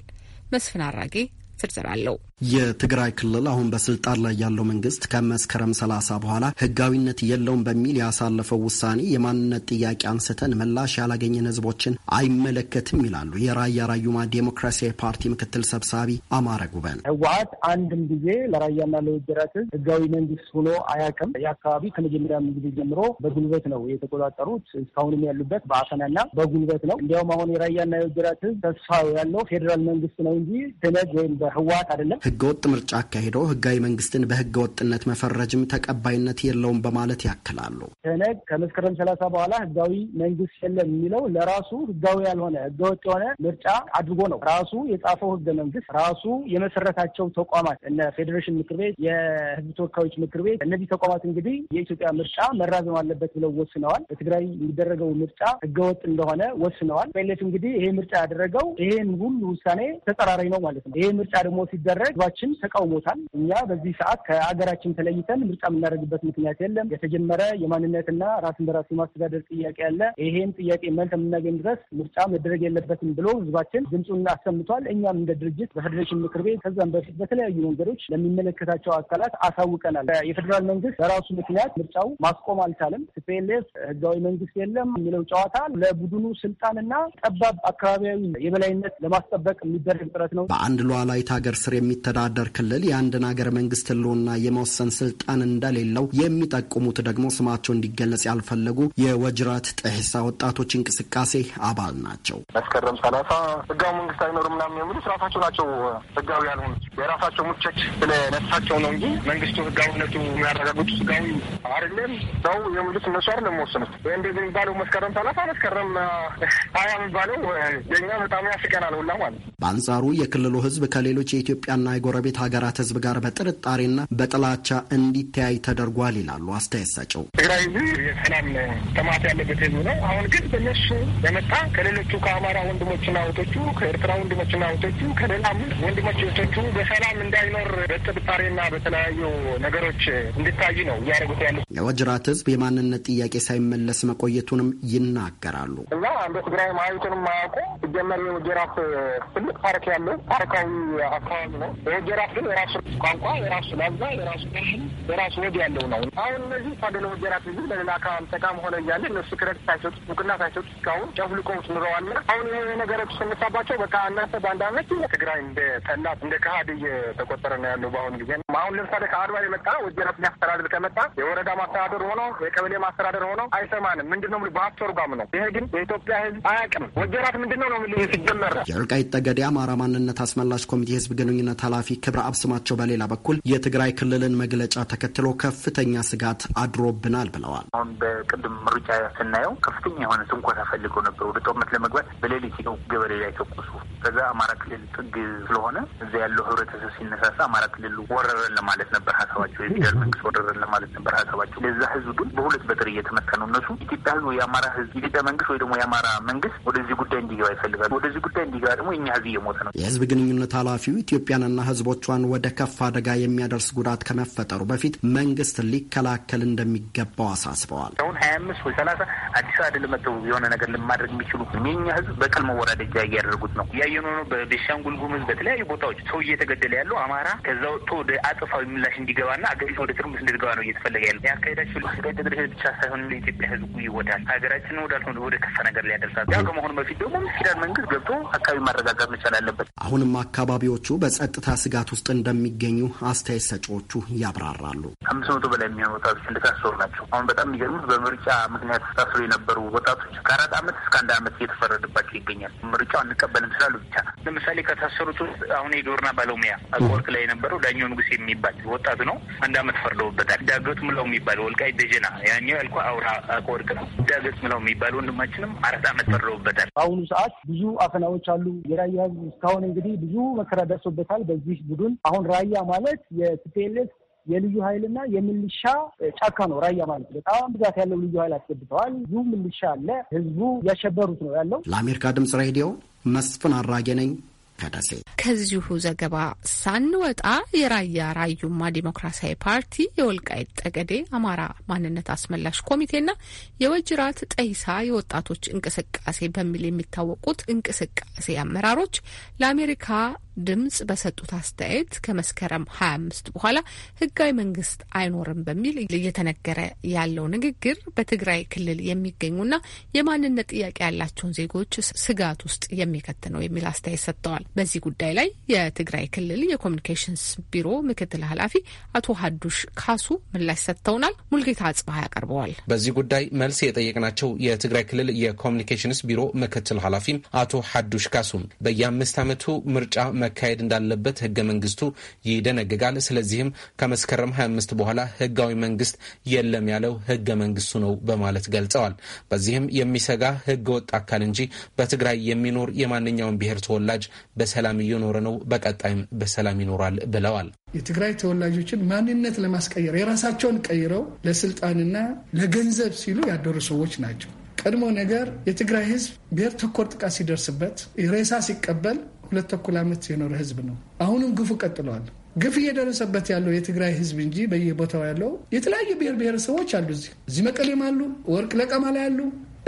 መስፍን አራጌ ዝርዝር አለው። የትግራይ ክልል አሁን በስልጣን ላይ ያለው መንግስት ከመስከረም 30 በኋላ ህጋዊነት የለውም በሚል ያሳለፈው ውሳኔ የማንነት ጥያቄ አንስተን ምላሽ ያላገኘን ህዝቦችን አይመለከትም ይላሉ የራያ ራዩማ ዴሞክራሲያዊ ፓርቲ ምክትል ሰብሳቢ አማረ ጉበን። ህወሀት አንድም ጊዜ ለራያና ለወጀራት ህዝብ ህጋዊ መንግስት ሆኖ አያውቅም። የአካባቢ ከመጀመሪያም ጊዜ ጀምሮ በጉልበት ነው የተቆጣጠሩት። እስካሁንም ያሉበት በአፈናና በጉልበት ነው። እንዲያውም አሁን የራያና የወጀራት ህዝብ ተስፋ ያለው ፌዴራል መንግስት ነው እንጂ ትነግ ወይም ህወሀት አይደለም። ህገ ወጥ ምርጫ አካሂዶ ህጋዊ መንግስትን በህገ ወጥነት መፈረጅም ተቀባይነት የለውም በማለት ያክላሉ። ትህነግ ከመስከረም ሰላሳ በኋላ ህጋዊ መንግስት የለም የሚለው ለራሱ ህጋዊ ያልሆነ ህገወጥ የሆነ ምርጫ አድርጎ ነው። ራሱ የጻፈው ህገ መንግስት ራሱ የመሰረታቸው ተቋማት እነ ፌዴሬሽን ምክር ቤት፣ የህዝብ ተወካዮች ምክር ቤት እነዚህ ተቋማት እንግዲህ የኢትዮጵያ ምርጫ መራዘም አለበት ብለው ወስነዋል። በትግራይ የሚደረገው ምርጫ ህገወጥ እንደሆነ ወስነዋል። ፌሌት እንግዲህ ይሄ ምርጫ ያደረገው ይሄን ሁሉ ውሳኔ ተጠራራኝ ነው ማለት ነው። ይሄ ምርጫ ደግሞ ሲደረግ ህዝባችን ተቃውሞታል። እኛ በዚህ ሰዓት ከሀገራችን ተለይተን ምርጫ የምናደርግበት ምክንያት የለም። የተጀመረ የማንነትና ራስን በራስ የማስተዳደር ጥያቄ አለ። ይሄን ጥያቄ መልስ የምናገኝ ድረስ ምርጫ መደረግ የለበትም ብሎ ህዝባችን ድምፁን አሰምቷል። እኛም እንደ ድርጅት በፌዴሬሽን ምክር ቤት ከዛም በፊት በተለያዩ መንገዶች ለሚመለከታቸው አካላት አሳውቀናል። የፌዴራል መንግስት በራሱ ምክንያት ምርጫው ማስቆም አልቻለም። ቲፒኤልኤፍ ህጋዊ መንግስት የለም የሚለው ጨዋታ ለቡድኑ ስልጣንና ጠባብ አካባቢያዊ የበላይነት ለማስጠበቅ የሚደረግ ጥረት ነው። በአንድ ሉዓላዊ ጎረቤት ሀገር ስር የሚተዳደር ክልል የአንድን ሀገር መንግስት ህልውና የመወሰን ስልጣን እንደሌለው የሚጠቁሙት ደግሞ ስማቸው እንዲገለጽ ያልፈለጉ የወጅራት ጥህሳ ወጣቶች እንቅስቃሴ አባል ናቸው። መስከረም ሰላሳ ህጋዊ መንግስት አይኖርም ምናምን የሚሉት ራሳቸው ናቸው። ህጋዊ ያልሆኑ የራሳቸው ስለ ስለነሳቸው ነው እንጂ መንግስቱ ህጋዊነቱ የሚያረጋግጡት ህጋዊ አይደለም ሰው የሚሉት እነሱ አይደለም ወስኑት። ወይ እንደዚህ የሚባለው መስከረም ሰላሳ መስከረም ሀያ የሚባለው የኛ በጣም ያስቀናል ሁላ ማለት በአንጻሩ የክልሉ ህዝብ ከሌ ከሌሎች የኢትዮጵያና የጎረቤት ሀገራት ህዝብ ጋር በጥርጣሬና በጥላቻ እንዲተያይ ተደርጓል ይላሉ አስተያየት ሰጪው። ትግራይ ህዝብ የሰላም ጥማት ያለበት ህዝብ ነው። አሁን ግን በነሱ የመጣ ከሌሎቹ ከአማራ ወንድሞችና እህቶቹ፣ ከኤርትራ ወንድሞችና እህቶቹ፣ ከሌላም ወንድሞች እህቶቹ በሰላም እንዳይኖር በጥርጣሬና በተለያዩ ነገሮች እንዲታዩ ነው እያደረጉት ያለ የወጅራት ህዝብ የማንነት ጥያቄ ሳይመለስ መቆየቱንም ይናገራሉ። እና እንደ ትግራይ ማየቱንም ማያውቁ ሲጀመር የወጀራት ትልቅ ታሪክ ያለው ታሪካዊ አካባቢ ነው። የወጀራት ግን የራሱ ቋንቋ፣ የራሱ ላዛ፣ የራሱ ሽን፣ የራሱ ወግ ያለው ነው። አሁን እነዚህ ታገለ ወጀራት ህዝብ ለሌላ አካባቢ ጠቃሚ ሆነ እያለ እነሱ ክረት ሳይሰጡት እውቅና ሳይሰጡት እስካሁን ጨፍልቆት ኑረዋል። አሁን ይህ ነገሮች ስንሳባቸው በቃ እናንተ በአንድ አመት ትግራይ እንደ ጠላት እንደ ካህድ እየተቆጠረ ነው ያለው በአሁኑ ጊዜ። አሁን ለምሳሌ ከአድባ የመጣ ወጀራት ሊያስተዳድር ከመጣ የወረዳ ማስተዳደር ሆኖ የቀበሌ ማስተዳደር ሆኖ አይሰማንም። ምንድነው ምል በሀብ ነው። ይሄ ግን የኢትዮጵያ ህዝብ አያውቅም። ወጀራት ምንድነው ነው ምል ሲጀመረ የወልቃይት ጠገዴ አማራ ማንነት አስመላሽ ኮሚቴ የህዝብ ግንኙነት ኃላፊ ክብረ አብስማቸው በሌላ በኩል የትግራይ ክልልን መግለጫ ተከትሎ ከፍተኛ ስጋት አድሮብናል ብለዋል። አሁን በቅድም ምርጫ ስናየው ከፍተኛ የሆነ ትንኮሳ ፈልገው ነበር። ወደ ጦርነት ለመግባት በሌሊት ሄደው ገበሬ ላይ ተኩሱ። ከዛ አማራ ክልል ጥግ ስለሆነ እዛ ያለው ህብረተሰብ ሲነሳሳ አማራ ክልል ወረረን ለማለት ነበር ሀሳባቸው። የፌደራል መንግስት ወረረን ለማለት ነበር ሀሳባቸው። ለዛ ህዝብ ግን በሁለት በጥር እየተመታ ነው። እነሱ ኢትዮጵያ ህዝብ የአማራ ህዝብ ኢትዮጵያ መንግስት ወይ ደግሞ የአማራ መንግስት ወደዚህ ጉዳይ እንዲገባ ይፈልጋል። ወደዚህ ጉዳይ እንዲገባ ደግሞ እኛ ህዝብ እየሞተ ነው። የህዝብ ግንኙነት ኃላፊ ኃላፊው ኢትዮጵያንና ህዝቦቿን ወደ ከፍ አደጋ የሚያደርስ ጉዳት ከመፈጠሩ በፊት መንግስት ሊከላከል እንደሚገባው አሳስበዋል። አሁን ሀያ አምስት ወይ ሰላሳ አዲስ አይደለም መተው የሆነ ነገር ልማድረግ የሚችሉ የኛ ሕዝብ በቅል መወራደጃ እያደረጉት ነው እያየኑ ነው። በቤንሻንጉል ጉሙዝ በተለያዩ ቦታዎች ሰው እየተገደለ ያለው አማራ ከዛ ወጥቶ ወደ አጽፋዊ ምላሽ እንዲገባና አገሪቱ ወደ ትርምስ እንድትገባ ነው እየተፈለገ ያለ ያካሄዳቸው ለተገደለ ህዝብ ብቻ ሳይሆን ለኢትዮጵያ ሕዝቡ ይጎዳል። ሀገራችንን ወዳልሆነ ወደ ከፋ ነገር ሊያደርሳል። ያ ከመሆኑ በፊት ደግሞ ፌዴራል መንግስት ገብቶ አካባቢ ማረጋጋት መቻል አለበት። አሁንም አካባቢ አካባቢዎቹ በጸጥታ ስጋት ውስጥ እንደሚገኙ አስተያየት ሰጪዎቹ ያብራራሉ። አምስት መቶ በላይ የሚሆኑ ወጣቶች እንደታሰሩ ናቸው። አሁን በጣም የሚገርሙት በምርጫ ምክንያት ታስሩ የነበሩ ወጣቶች ከአራት አመት እስከ አንድ አመት እየተፈረደባቸው ይገኛል። ምርጫው አንቀበልም ስላሉ ብቻ ነው። ለምሳሌ ከታሰሩት ውስጥ አሁን የግብርና ባለሙያ አቅወርቅ ላይ የነበረው ዳኛው ንጉስ የሚባል ወጣት ነው። አንድ አመት ፈርደውበታል። ዳገቱ ምለው የሚባል ወልቃይት ደጀና ያኛው ያልኩ አውራ አቅወርቅ ነው። ዳገት ምለው የሚባል ወንድማችንም አራት አመት ፈርደውበታል። በአሁኑ ሰዓት ብዙ አፈናዎች አሉ። የራያ ህዝብ እስካሁን እንግዲህ ብዙ መከ ሙከራ ደርሶበታል በዚህ ቡድን። አሁን ራያ ማለት የቲፒኤልኤፍ የልዩ ኃይልና የሚሊሻ ጫካ ነው። ራያ ማለት በጣም ብዛት ያለው ልዩ ኃይል አስገብተዋል። ብዙ ሚሊሻ አለ። ህዝቡ እያሸበሩት ነው ያለው። ለአሜሪካ ድምጽ ሬዲዮ መስፍን አራጌ ነኝ ከዚሁ ዘገባ ሳንወጣ የራያ ራዩማ ዲሞክራሲያዊ ፓርቲ የወልቃይት ጠገዴ አማራ ማንነት አስመላሽ ኮሚቴና የወጅራት ጠይሳ የወጣቶች እንቅስቃሴ በሚል የሚታወቁት እንቅስቃሴ አመራሮች ለአሜሪካ ድምጽ በሰጡት አስተያየት ከመስከረም 25 በኋላ ህጋዊ መንግስት አይኖርም በሚል እየተነገረ ያለው ንግግር በትግራይ ክልል የሚገኙና የማንነት ጥያቄ ያላቸውን ዜጎች ስጋት ውስጥ የሚከት ነው የሚል አስተያየት ሰጥተዋል። በዚህ ጉዳይ ላይ የትግራይ ክልል የኮሚኒኬሽንስ ቢሮ ምክትል ኃላፊ አቶ ሀዱሽ ካሱ ምላሽ ሰጥተውናል። ሙልጌታ አጽባሀ ያቀርበዋል። በዚህ ጉዳይ መልስ የጠየቅናቸው የትግራይ ክልል የኮሚኒኬሽንስ ቢሮ ምክትል ኃላፊ አቶ ሀዱሽ ካሱም በየአምስት ዓመቱ ምርጫ መካሄድ እንዳለበት ህገ መንግስቱ ይደነግጋል። ስለዚህም ከመስከረም 25 በኋላ ህጋዊ መንግስት የለም ያለው ህገ መንግስቱ ነው በማለት ገልጸዋል። በዚህም የሚሰጋ ህገ ወጥ አካል እንጂ በትግራይ የሚኖር የማንኛውም ብሔር ተወላጅ በሰላም እየኖረ ነው፣ በቀጣይም በሰላም ይኖራል ብለዋል። የትግራይ ተወላጆችን ማንነት ለማስቀየር የራሳቸውን ቀይረው ለስልጣንና ለገንዘብ ሲሉ ያደሩ ሰዎች ናቸው። ቀድሞ ነገር የትግራይ ህዝብ ብሔር ተኮር ጥቃት ሲደርስበት ሬሳ ሲቀበል ሁለት ተኩል ዓመት የኖረ ህዝብ ነው። አሁንም ግፉ ቀጥለዋል። ግፍ እየደረሰበት ያለው የትግራይ ህዝብ እንጂ በየቦታው ያለው የተለያዩ ብሔር ብሔረሰቦች አሉ። እዚህ እዚህ መቀሌም አሉ፣ ወርቅ ለቀማ ላይ ያሉ፣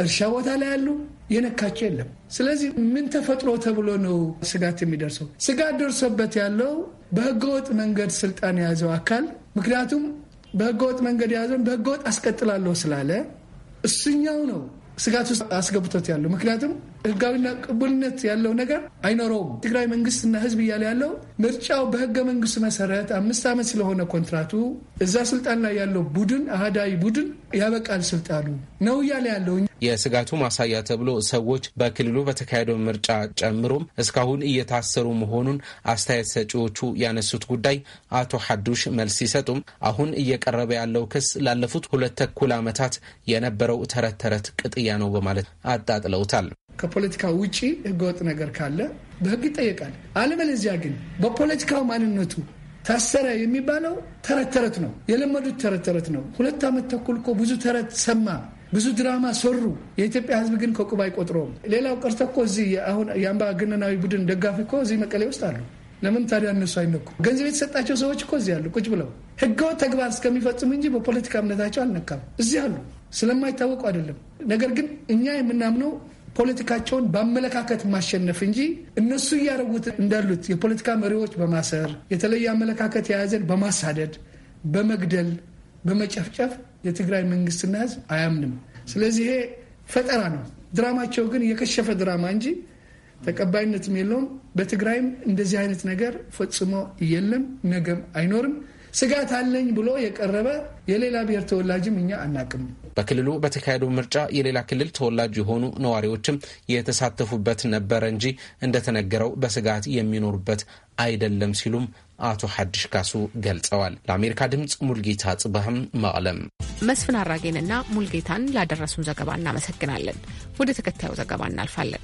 እርሻ ቦታ ላይ ያሉ የነካቸው የለም። ስለዚህ ምን ተፈጥሮ ተብሎ ነው ስጋት የሚደርሰው? ስጋት ደርሶበት ያለው በህገወጥ መንገድ ስልጣን የያዘው አካል ምክንያቱም በህገወጥ መንገድ የያዘውን በህገወጥ አስቀጥላለሁ ስላለ እሱኛው ነው ስጋት ውስጥ አስገብቶት ያለው ምክንያቱም ህጋዊና ቅቡልነት ያለው ነገር አይኖረውም። ትግራይ መንግስትና ህዝብ እያለ ያለው ምርጫው በህገ መንግስት መሰረት አምስት ዓመት ስለሆነ ኮንትራቱ እዛ ስልጣን ላይ ያለው ቡድን አህዳዊ ቡድን ያበቃል ስልጣኑ ነው እያለ ያለው። የስጋቱ ማሳያ ተብሎ ሰዎች በክልሉ በተካሄደው ምርጫ ጨምሮም እስካሁን እየታሰሩ መሆኑን አስተያየት ሰጪዎቹ ያነሱት ጉዳይ አቶ ሐዱሽ መልስ ሲሰጡም አሁን እየቀረበ ያለው ክስ ላለፉት ሁለት ተኩል ዓመታት የነበረው ተረት ተረት ቅጥያ ነው በማለት አጣጥለውታል። ከፖለቲካ ውጪ ህገወጥ ነገር ካለ በህግ ይጠየቃል። አለበለዚያ ግን በፖለቲካው ማንነቱ ታሰረ የሚባለው ተረት ተረት ነው። የለመዱት ተረት ተረት ነው። ሁለት ዓመት ተኩል እኮ ብዙ ተረት ሰማ፣ ብዙ ድራማ ሰሩ። የኢትዮጵያ ህዝብ ግን ከቁብ አይቆጥረውም። ሌላው ቀርቶ እኮ እዚህ አሁን የአምባገነናዊ ቡድን ደጋፊ እኮ እዚህ መቀሌ ውስጥ አሉ። ለምን ታዲያ እነሱ አይነኩም? ገንዘብ የተሰጣቸው ሰዎች እኮ እዚህ አሉ ቁጭ ብለው ህገወጥ ተግባር እስከሚፈጽሙ እንጂ በፖለቲካ እምነታቸው አልነካም። እዚህ አሉ። ስለማይታወቁ አይደለም። ነገር ግን እኛ የምናምነው ፖለቲካቸውን በአመለካከት ማሸነፍ እንጂ እነሱ እያደረጉት እንዳሉት የፖለቲካ መሪዎች በማሰር የተለየ አመለካከት የያዘን በማሳደድ በመግደል፣ በመጨፍጨፍ የትግራይ መንግስትና ህዝብ አያምንም። ስለዚህ ይሄ ፈጠራ ነው። ድራማቸው ግን የከሸፈ ድራማ እንጂ ተቀባይነትም የለውም። በትግራይም እንደዚህ አይነት ነገር ፈጽሞ የለም፣ ነገም አይኖርም። ስጋት አለኝ ብሎ የቀረበ የሌላ ብሔር ተወላጅም እኛ አናቅም። በክልሉ በተካሄደው ምርጫ የሌላ ክልል ተወላጅ የሆኑ ነዋሪዎችም የተሳተፉበት ነበረ እንጂ እንደተነገረው በስጋት የሚኖሩበት አይደለም ሲሉም አቶ ሐድሽ ካሱ ገልጸዋል። ለአሜሪካ ድምፅ ሙልጌታ ጽባህም መቀለም። መስፍን አራጌንና ሙልጌታን ላደረሱን ዘገባ እናመሰግናለን። ወደ ተከታዩ ዘገባ እናልፋለን።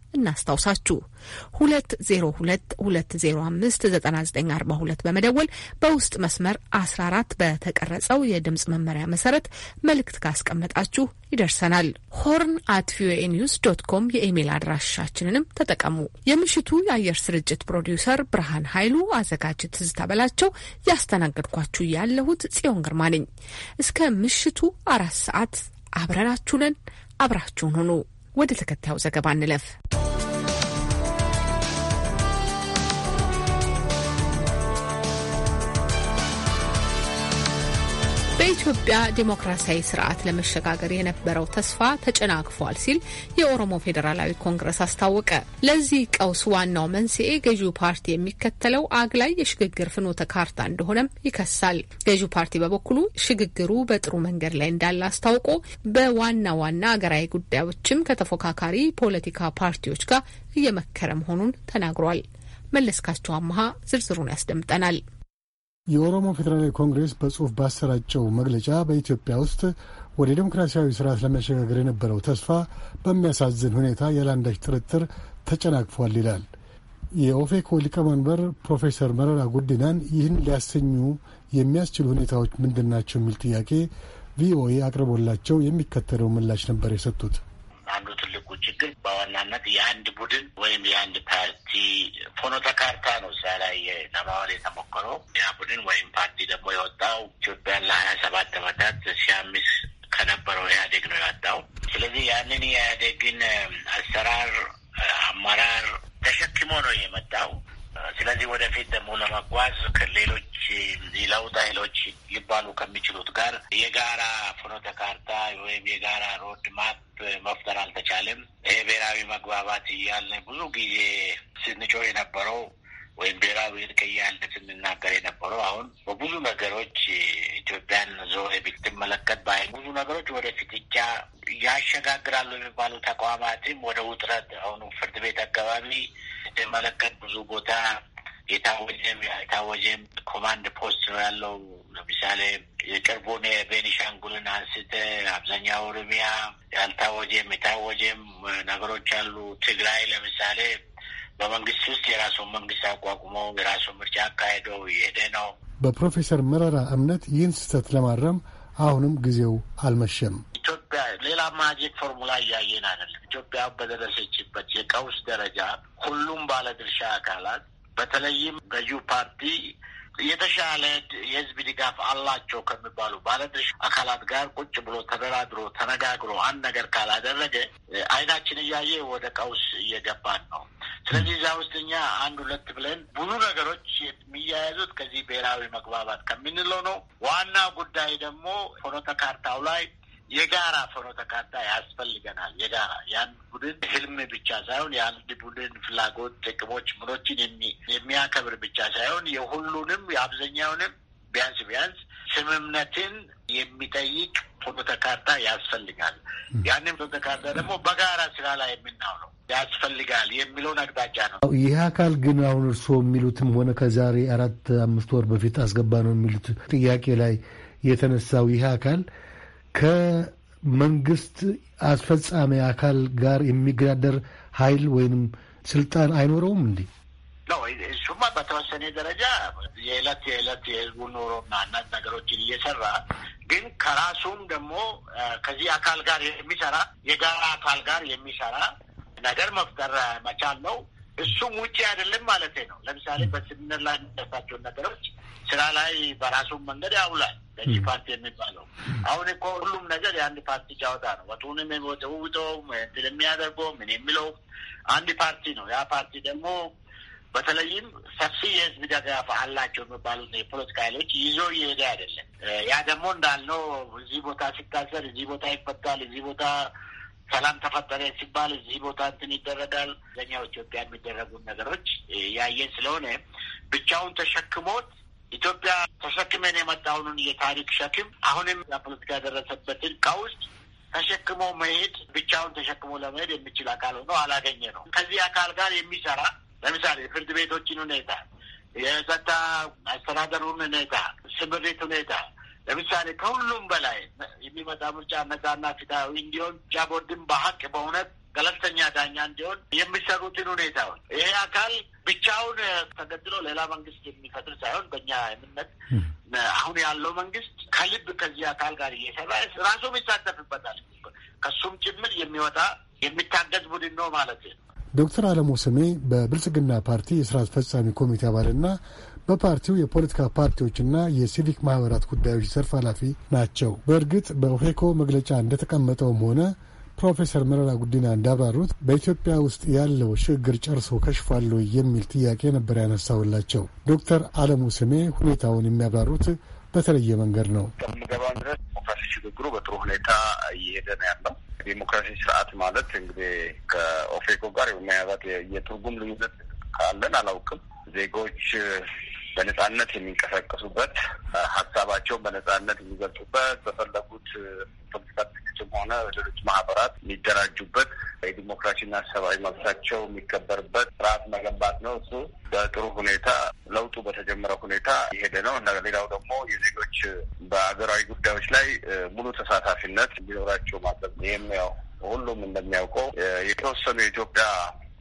እናስታውሳችሁ 2022059942 በመደወል በውስጥ መስመር 14 በተቀረጸው የድምፅ መመሪያ መሰረት መልእክት ካስቀመጣችሁ ይደርሰናል። ሆርን አት ቪኦኤ ኒውስ ዶት ኮም የኢሜይል አድራሻችንንም ተጠቀሙ። የምሽቱ የአየር ስርጭት ፕሮዲውሰር ብርሃን ኃይሉ፣ አዘጋጅ ትዝታ በላቸው፣ ያስተናገድኳችሁ ያለሁት ጽዮን ግርማ ነኝ። እስከ ምሽቱ አራት ሰዓት አብረናችሁንን አብራችሁን ሁኑ። ወደ ተከታዩ ዘገባ እንለፍ። በኢትዮጵያ ዴሞክራሲያዊ ስርዓት ለመሸጋገር የነበረው ተስፋ ተጨናግፏል ሲል የኦሮሞ ፌዴራላዊ ኮንግረስ አስታወቀ። ለዚህ ቀውስ ዋናው መንስኤ ገዢው ፓርቲ የሚከተለው አግላይ የሽግግር ፍኖተ ካርታ እንደሆነም ይከሳል። ገዢው ፓርቲ በበኩሉ ሽግግሩ በጥሩ መንገድ ላይ እንዳለ አስታውቆ በዋና ዋና አገራዊ ጉዳዮችም ከተፎካካሪ ፖለቲካ ፓርቲዎች ጋር እየመከረ መሆኑን ተናግሯል። መለስካቸው አመሀ ዝርዝሩን ያስደምጠናል። የኦሮሞ ፌዴራላዊ ኮንግሬስ በጽሁፍ ባሰራጨው መግለጫ በኢትዮጵያ ውስጥ ወደ ዴሞክራሲያዊ ስርዓት ለመሸጋገር የነበረው ተስፋ በሚያሳዝን ሁኔታ ያለአንዳች ጥርጥር ተጨናቅፏል ይላል። የኦፌኮ ሊቀመንበር ፕሮፌሰር መረራ ጉዲናን ይህን ሊያሰኙ የሚያስችሉ ሁኔታዎች ምንድን ናቸው የሚል ጥያቄ ቪኦኤ አቅርቦላቸው የሚከተለው ምላሽ ነበር የሰጡት። አንዱ ትልቁ ችግር በዋናነት የአንድ ቡድን ወይም የአንድ ፓርቲ ፍኖተ ካርታ ነው እዛ ላይ ለማዋል ቡድን ወይም ፓርቲ ደግሞ የወጣው ኢትዮጵያን ለሀያ ሰባት ዓመታት ሲያምስ ከነበረው ኢህአዴግ ነው የወጣው። ስለዚህ ያንን የኢህአዴግን አሰራር አመራር ተሸክሞ ነው የመጣው። ስለዚህ ወደፊት ደግሞ ለመጓዝ ከሌሎች ለውጥ ኃይሎች ሊባሉ ከሚችሉት ጋር የጋራ ፍኖተ ካርታ ወይም የጋራ ሮድ ማፕ መፍጠር አልተቻለም። ይሄ ብሔራዊ መግባባት እያለ ብዙ ጊዜ ስንጮህ የነበረው ወይም ብሔራዊ ብሔረሰብ አንድነት ስንናገር የነበረው አሁን በብዙ ነገሮች ኢትዮጵያን ዞር ብትመለከት በአይ ብዙ ነገሮች ወደ ፍጥጫ ያሸጋግራሉ የሚባሉ ተቋማትም ወደ ውጥረት አሁኑ ፍርድ ቤት አካባቢ ስትመለከት ብዙ ቦታ የታወጀም ያልታወጀም ኮማንድ ፖስት ነው ያለው። ለምሳሌ የቅርቡን የቤኒሻንጉልን አንስተ አብዛኛው ኦሮሚያ ያልታወጀም የታወጀም ነገሮች አሉ። ትግራይ ለምሳሌ በመንግስት ውስጥ የራሱን መንግስት አቋቁመው የራሱን ምርጫ አካሄደው የሄደ ነው። በፕሮፌሰር መረራ እምነት ይህን ስህተት ለማረም አሁንም ጊዜው አልመሸም። ኢትዮጵያ ሌላ ማጂክ ፎርሙላ እያየን አይደለም። ኢትዮጵያ በደረሰችበት የቀውስ ደረጃ ሁሉም ባለድርሻ አካላት በተለይም ገዢው ፓርቲ የተሻለ የህዝብ ድጋፍ አላቸው ከሚባሉ ባለድርሻ አካላት ጋር ቁጭ ብሎ ተደራድሮ ተነጋግሮ አንድ ነገር ካላደረገ አይናችን እያየ ወደ ቀውስ እየገባን ነው። ስለዚህ እዛ ውስጥ እኛ አንድ ሁለት ብለን ብዙ ነገሮች የሚያያዙት ከዚህ ብሔራዊ መግባባት ከምንለው ነው። ዋና ጉዳይ ደግሞ ፍኖተ ካርታው ላይ የጋራ ፍኖተ ካርታ ያስፈልገናል። የጋራ ያን ቡድን ህልም ብቻ ሳይሆን የአንድ ቡድን ፍላጎት፣ ጥቅሞች፣ ምኖችን የሚያከብር ብቻ ሳይሆን የሁሉንም የአብዛኛውንም ቢያንስ ቢያንስ ስምምነትን የሚጠይቅ ፍኖተ ካርታ ያስፈልጋል። ያንን ፍኖተ ካርታ ደግሞ በጋራ ስራ ላይ የምናውለው ያስፈልጋል የሚለውን አቅጣጫ ነው። ይህ አካል ግን አሁን እርስዎ የሚሉትም ሆነ ከዛሬ አራት አምስት ወር በፊት አስገባ ነው የሚሉት ጥያቄ ላይ የተነሳው ይህ አካል ከመንግስት አስፈጻሚ አካል ጋር የሚገዳደር ኃይል ወይንም ስልጣን አይኖረውም እንዴ? እሱማ በተወሰነ ደረጃ የዕለት የዕለት የህዝቡ ኑሮና እናት ነገሮችን እየሰራ ግን ከራሱም ደግሞ ከዚህ አካል ጋር የሚሰራ የጋራ አካል ጋር የሚሰራ ነገር መፍጠር መቻል ነው። እሱም ውጭ አይደለም ማለት ነው። ለምሳሌ በስምምነት ላይ የሚደርሳቸውን ነገሮች ስራ ላይ በራሱን መንገድ ያውላል። ገዢ ፓርቲ የሚባለው አሁን እኮ ሁሉም ነገር የአንድ ፓርቲ ጫወታ ነው። ወጡንም ወተውውጠው እንትን የሚያደርገው ምን የሚለው አንድ ፓርቲ ነው። ያ ፓርቲ ደግሞ በተለይም ሰፊ የህዝብ ድጋፍ አላቸው የሚባሉት የፖለቲካ ኃይሎች ይዞ እየሄደ አይደለም። ያ ደግሞ እንዳልነው እዚህ ቦታ ሲታሰር፣ እዚህ ቦታ ይፈታል፣ እዚህ ቦታ ሰላም ተፈጠረ ሲባል እዚህ ቦታ እንትን ይደረጋል። አብዛኛው ኢትዮጵያ የሚደረጉን ነገሮች ያየን ስለሆነ ብቻውን ተሸክሞት ኢትዮጵያ ተሸክመን የመጣውን የታሪክ ሸክም አሁንም ፖለቲካ የደረሰበትን ቀውስ ተሸክሞ መሄድ ብቻውን ተሸክሞ ለመሄድ የሚችል አካል ሆኖ አላገኘ ነው። ከዚህ አካል ጋር የሚሰራ ለምሳሌ ፍርድ ቤቶችን ሁኔታ፣ የጸጥታ አስተዳደሩን ሁኔታ፣ ስምሪት ሁኔታ ለምሳሌ ከሁሉም በላይ የሚመጣ ምርጫ ነጻና ፍትሃዊ እንዲሆን ምርጫ ቦርድን በሀቅ በእውነት ገለልተኛ ዳኛ እንዲሆን የሚሰሩትን ሁኔታዎች ይሄ አካል ብቻውን ተገድሎ ሌላ መንግስት የሚፈጥር ሳይሆን በእኛ እምነት አሁን ያለው መንግስት ከልብ ከዚህ አካል ጋር እየሰራ ራሱም ይሳተፍበታል። ከሱም ጭምር የሚወጣ የሚታገዝ ቡድን ነው ማለት ነው። ዶክተር አለሙ ስሜ በብልጽግና ፓርቲ የስራ አስፈጻሚ ኮሚቴ አባልና በፓርቲው የፖለቲካ ፓርቲዎችና የሲቪክ ማህበራት ጉዳዮች ዘርፍ ኃላፊ ናቸው። በእርግጥ በኦፌኮ መግለጫ እንደተቀመጠውም ሆነ ፕሮፌሰር መረራ ጉዲና እንዳብራሩት በኢትዮጵያ ውስጥ ያለው ሽግግር ጨርሶ ከሽፏል የሚል ጥያቄ ነበር ያነሳውላቸው። ዶክተር አለሙ ስሜ ሁኔታውን የሚያብራሩት በተለየ መንገድ ነው። ከምንገባ ድረስ ዲሞክራሲ ሽግግሩ በጥሩ ሁኔታ እየሄደ ነው ያለው። ዲሞክራሲ ስርዓት ማለት እንግዲህ ከኦፌኮ ጋር የመያዛት የትርጉም ልዩነት ካለን አላውቅም ዜጎች በነጻነት የሚንቀሳቀሱበት ሀሳባቸውን በነጻነት የሚገልጹበት በፈለጉት ፖለቲካ ድርጅትም ሆነ ሌሎች ማህበራት የሚደራጁበት የዲሞክራሲና ሰብአዊ መብታቸው የሚከበርበት ስርዓት መገንባት ነው። እሱ በጥሩ ሁኔታ ለውጡ በተጀመረ ሁኔታ የሄደ ነው። ሌላው ደግሞ የዜጎች በሀገራዊ ጉዳዮች ላይ ሙሉ ተሳታፊነት እንዲኖራቸው ማድረግ ይህም ያው ሁሉም እንደሚያውቀው የተወሰኑ የኢትዮጵያ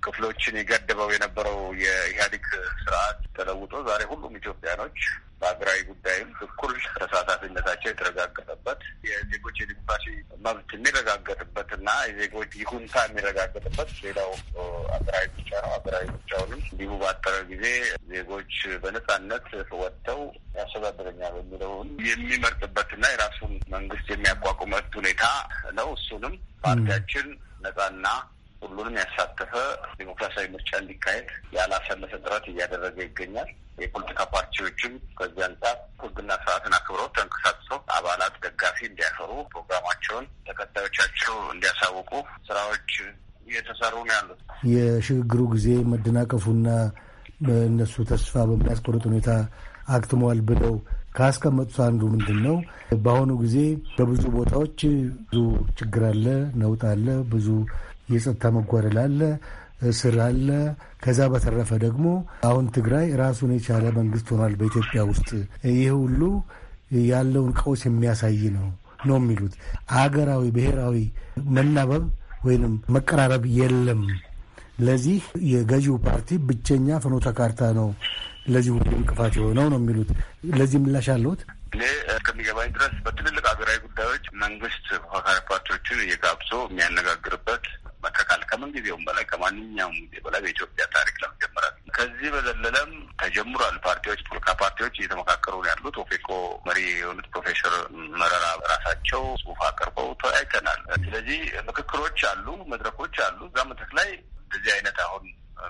ክፍሎችን የገደበው የነበረው የኢህአዴግ ስርዓት ተለውጦ ዛሬ ሁሉም ኢትዮጵያኖች በሀገራዊ ጉዳይም እኩል ተሳታፊነታቸው የተረጋገጠበት የዜጎች የዲሞክራሲ መብት የሚረጋገጥበት እና የዜጎች ይሁንታ የሚረጋገጥበት ሌላው ሀገራዊ ብቻ ነው። ሀገራዊ ብቻውንም እንዲሁ ባጠረ ጊዜ ዜጎች በነጻነት ወጥተው ያስተዳድረኛል የሚለውን የሚመርጥበትና የራሱን መንግስት የሚያቋቁመት ሁኔታ ነው። እሱንም ፓርቲያችን ነጻና ሁሉንም ያሳተፈ ዴሞክራሲያዊ ምርጫ እንዲካሄድ ያላሰለሰ ጥረት እያደረገ ይገኛል። የፖለቲካ ፓርቲዎችም ከዚህ አንጻር ሕግና ስርዓትን አክብረው ተንቀሳቅሰው አባላት ደጋፊ እንዲያፈሩ ፕሮግራማቸውን ተከታዮቻቸው እንዲያሳውቁ ስራዎች እየተሰሩ ነው ያሉት። የሽግግሩ ጊዜ መደናቀፉና እነሱ ተስፋ በሚያስቆርጥ ሁኔታ አክትመዋል ብለው ካስቀመጡት አንዱ ምንድን ነው? በአሁኑ ጊዜ በብዙ ቦታዎች ብዙ ችግር አለ፣ ነውጥ አለ፣ ብዙ የጸጥታ መጓደል አለ፣ እስር አለ። ከዛ በተረፈ ደግሞ አሁን ትግራይ ራሱን የቻለ መንግስት ሆኗል በኢትዮጵያ ውስጥ። ይህ ሁሉ ያለውን ቀውስ የሚያሳይ ነው ነው የሚሉት አገራዊ ብሔራዊ መናበብ ወይንም መቀራረብ የለም። ለዚህ የገዢው ፓርቲ ብቸኛ ፍኖተ ካርታ ነው ለዚህ ሁሉ እንቅፋት የሆነው ነው የሚሉት። ለዚህ ምላሽ አለሁት። እኔ እስከሚገባኝ ድረስ በትልልቅ ሀገራዊ ጉዳዮች መንግስት ተፎካካሪ ፓርቲዎችን እየጋብዞ የሚያነጋግርበት መተካል። ከምን በላይ ከማንኛውም ጊዜ በላይ በኢትዮጵያ ታሪክ ለመጀመሪያ ከዚህ በዘለለም ተጀምሯል። ፓርቲዎች ፖለቲካ ፓርቲዎች እየተመካከሩ ነው ያሉት። ኦፌኮ መሪ የሆኑት ፕሮፌሰር መረራ ራሳቸው ጽሁፍ አቅርበው ተወያይተናል። ስለዚህ ምክክሮች አሉ፣ መድረኮች አሉ። እዛ መድረክ ላይ እንደዚህ አይነት አሁን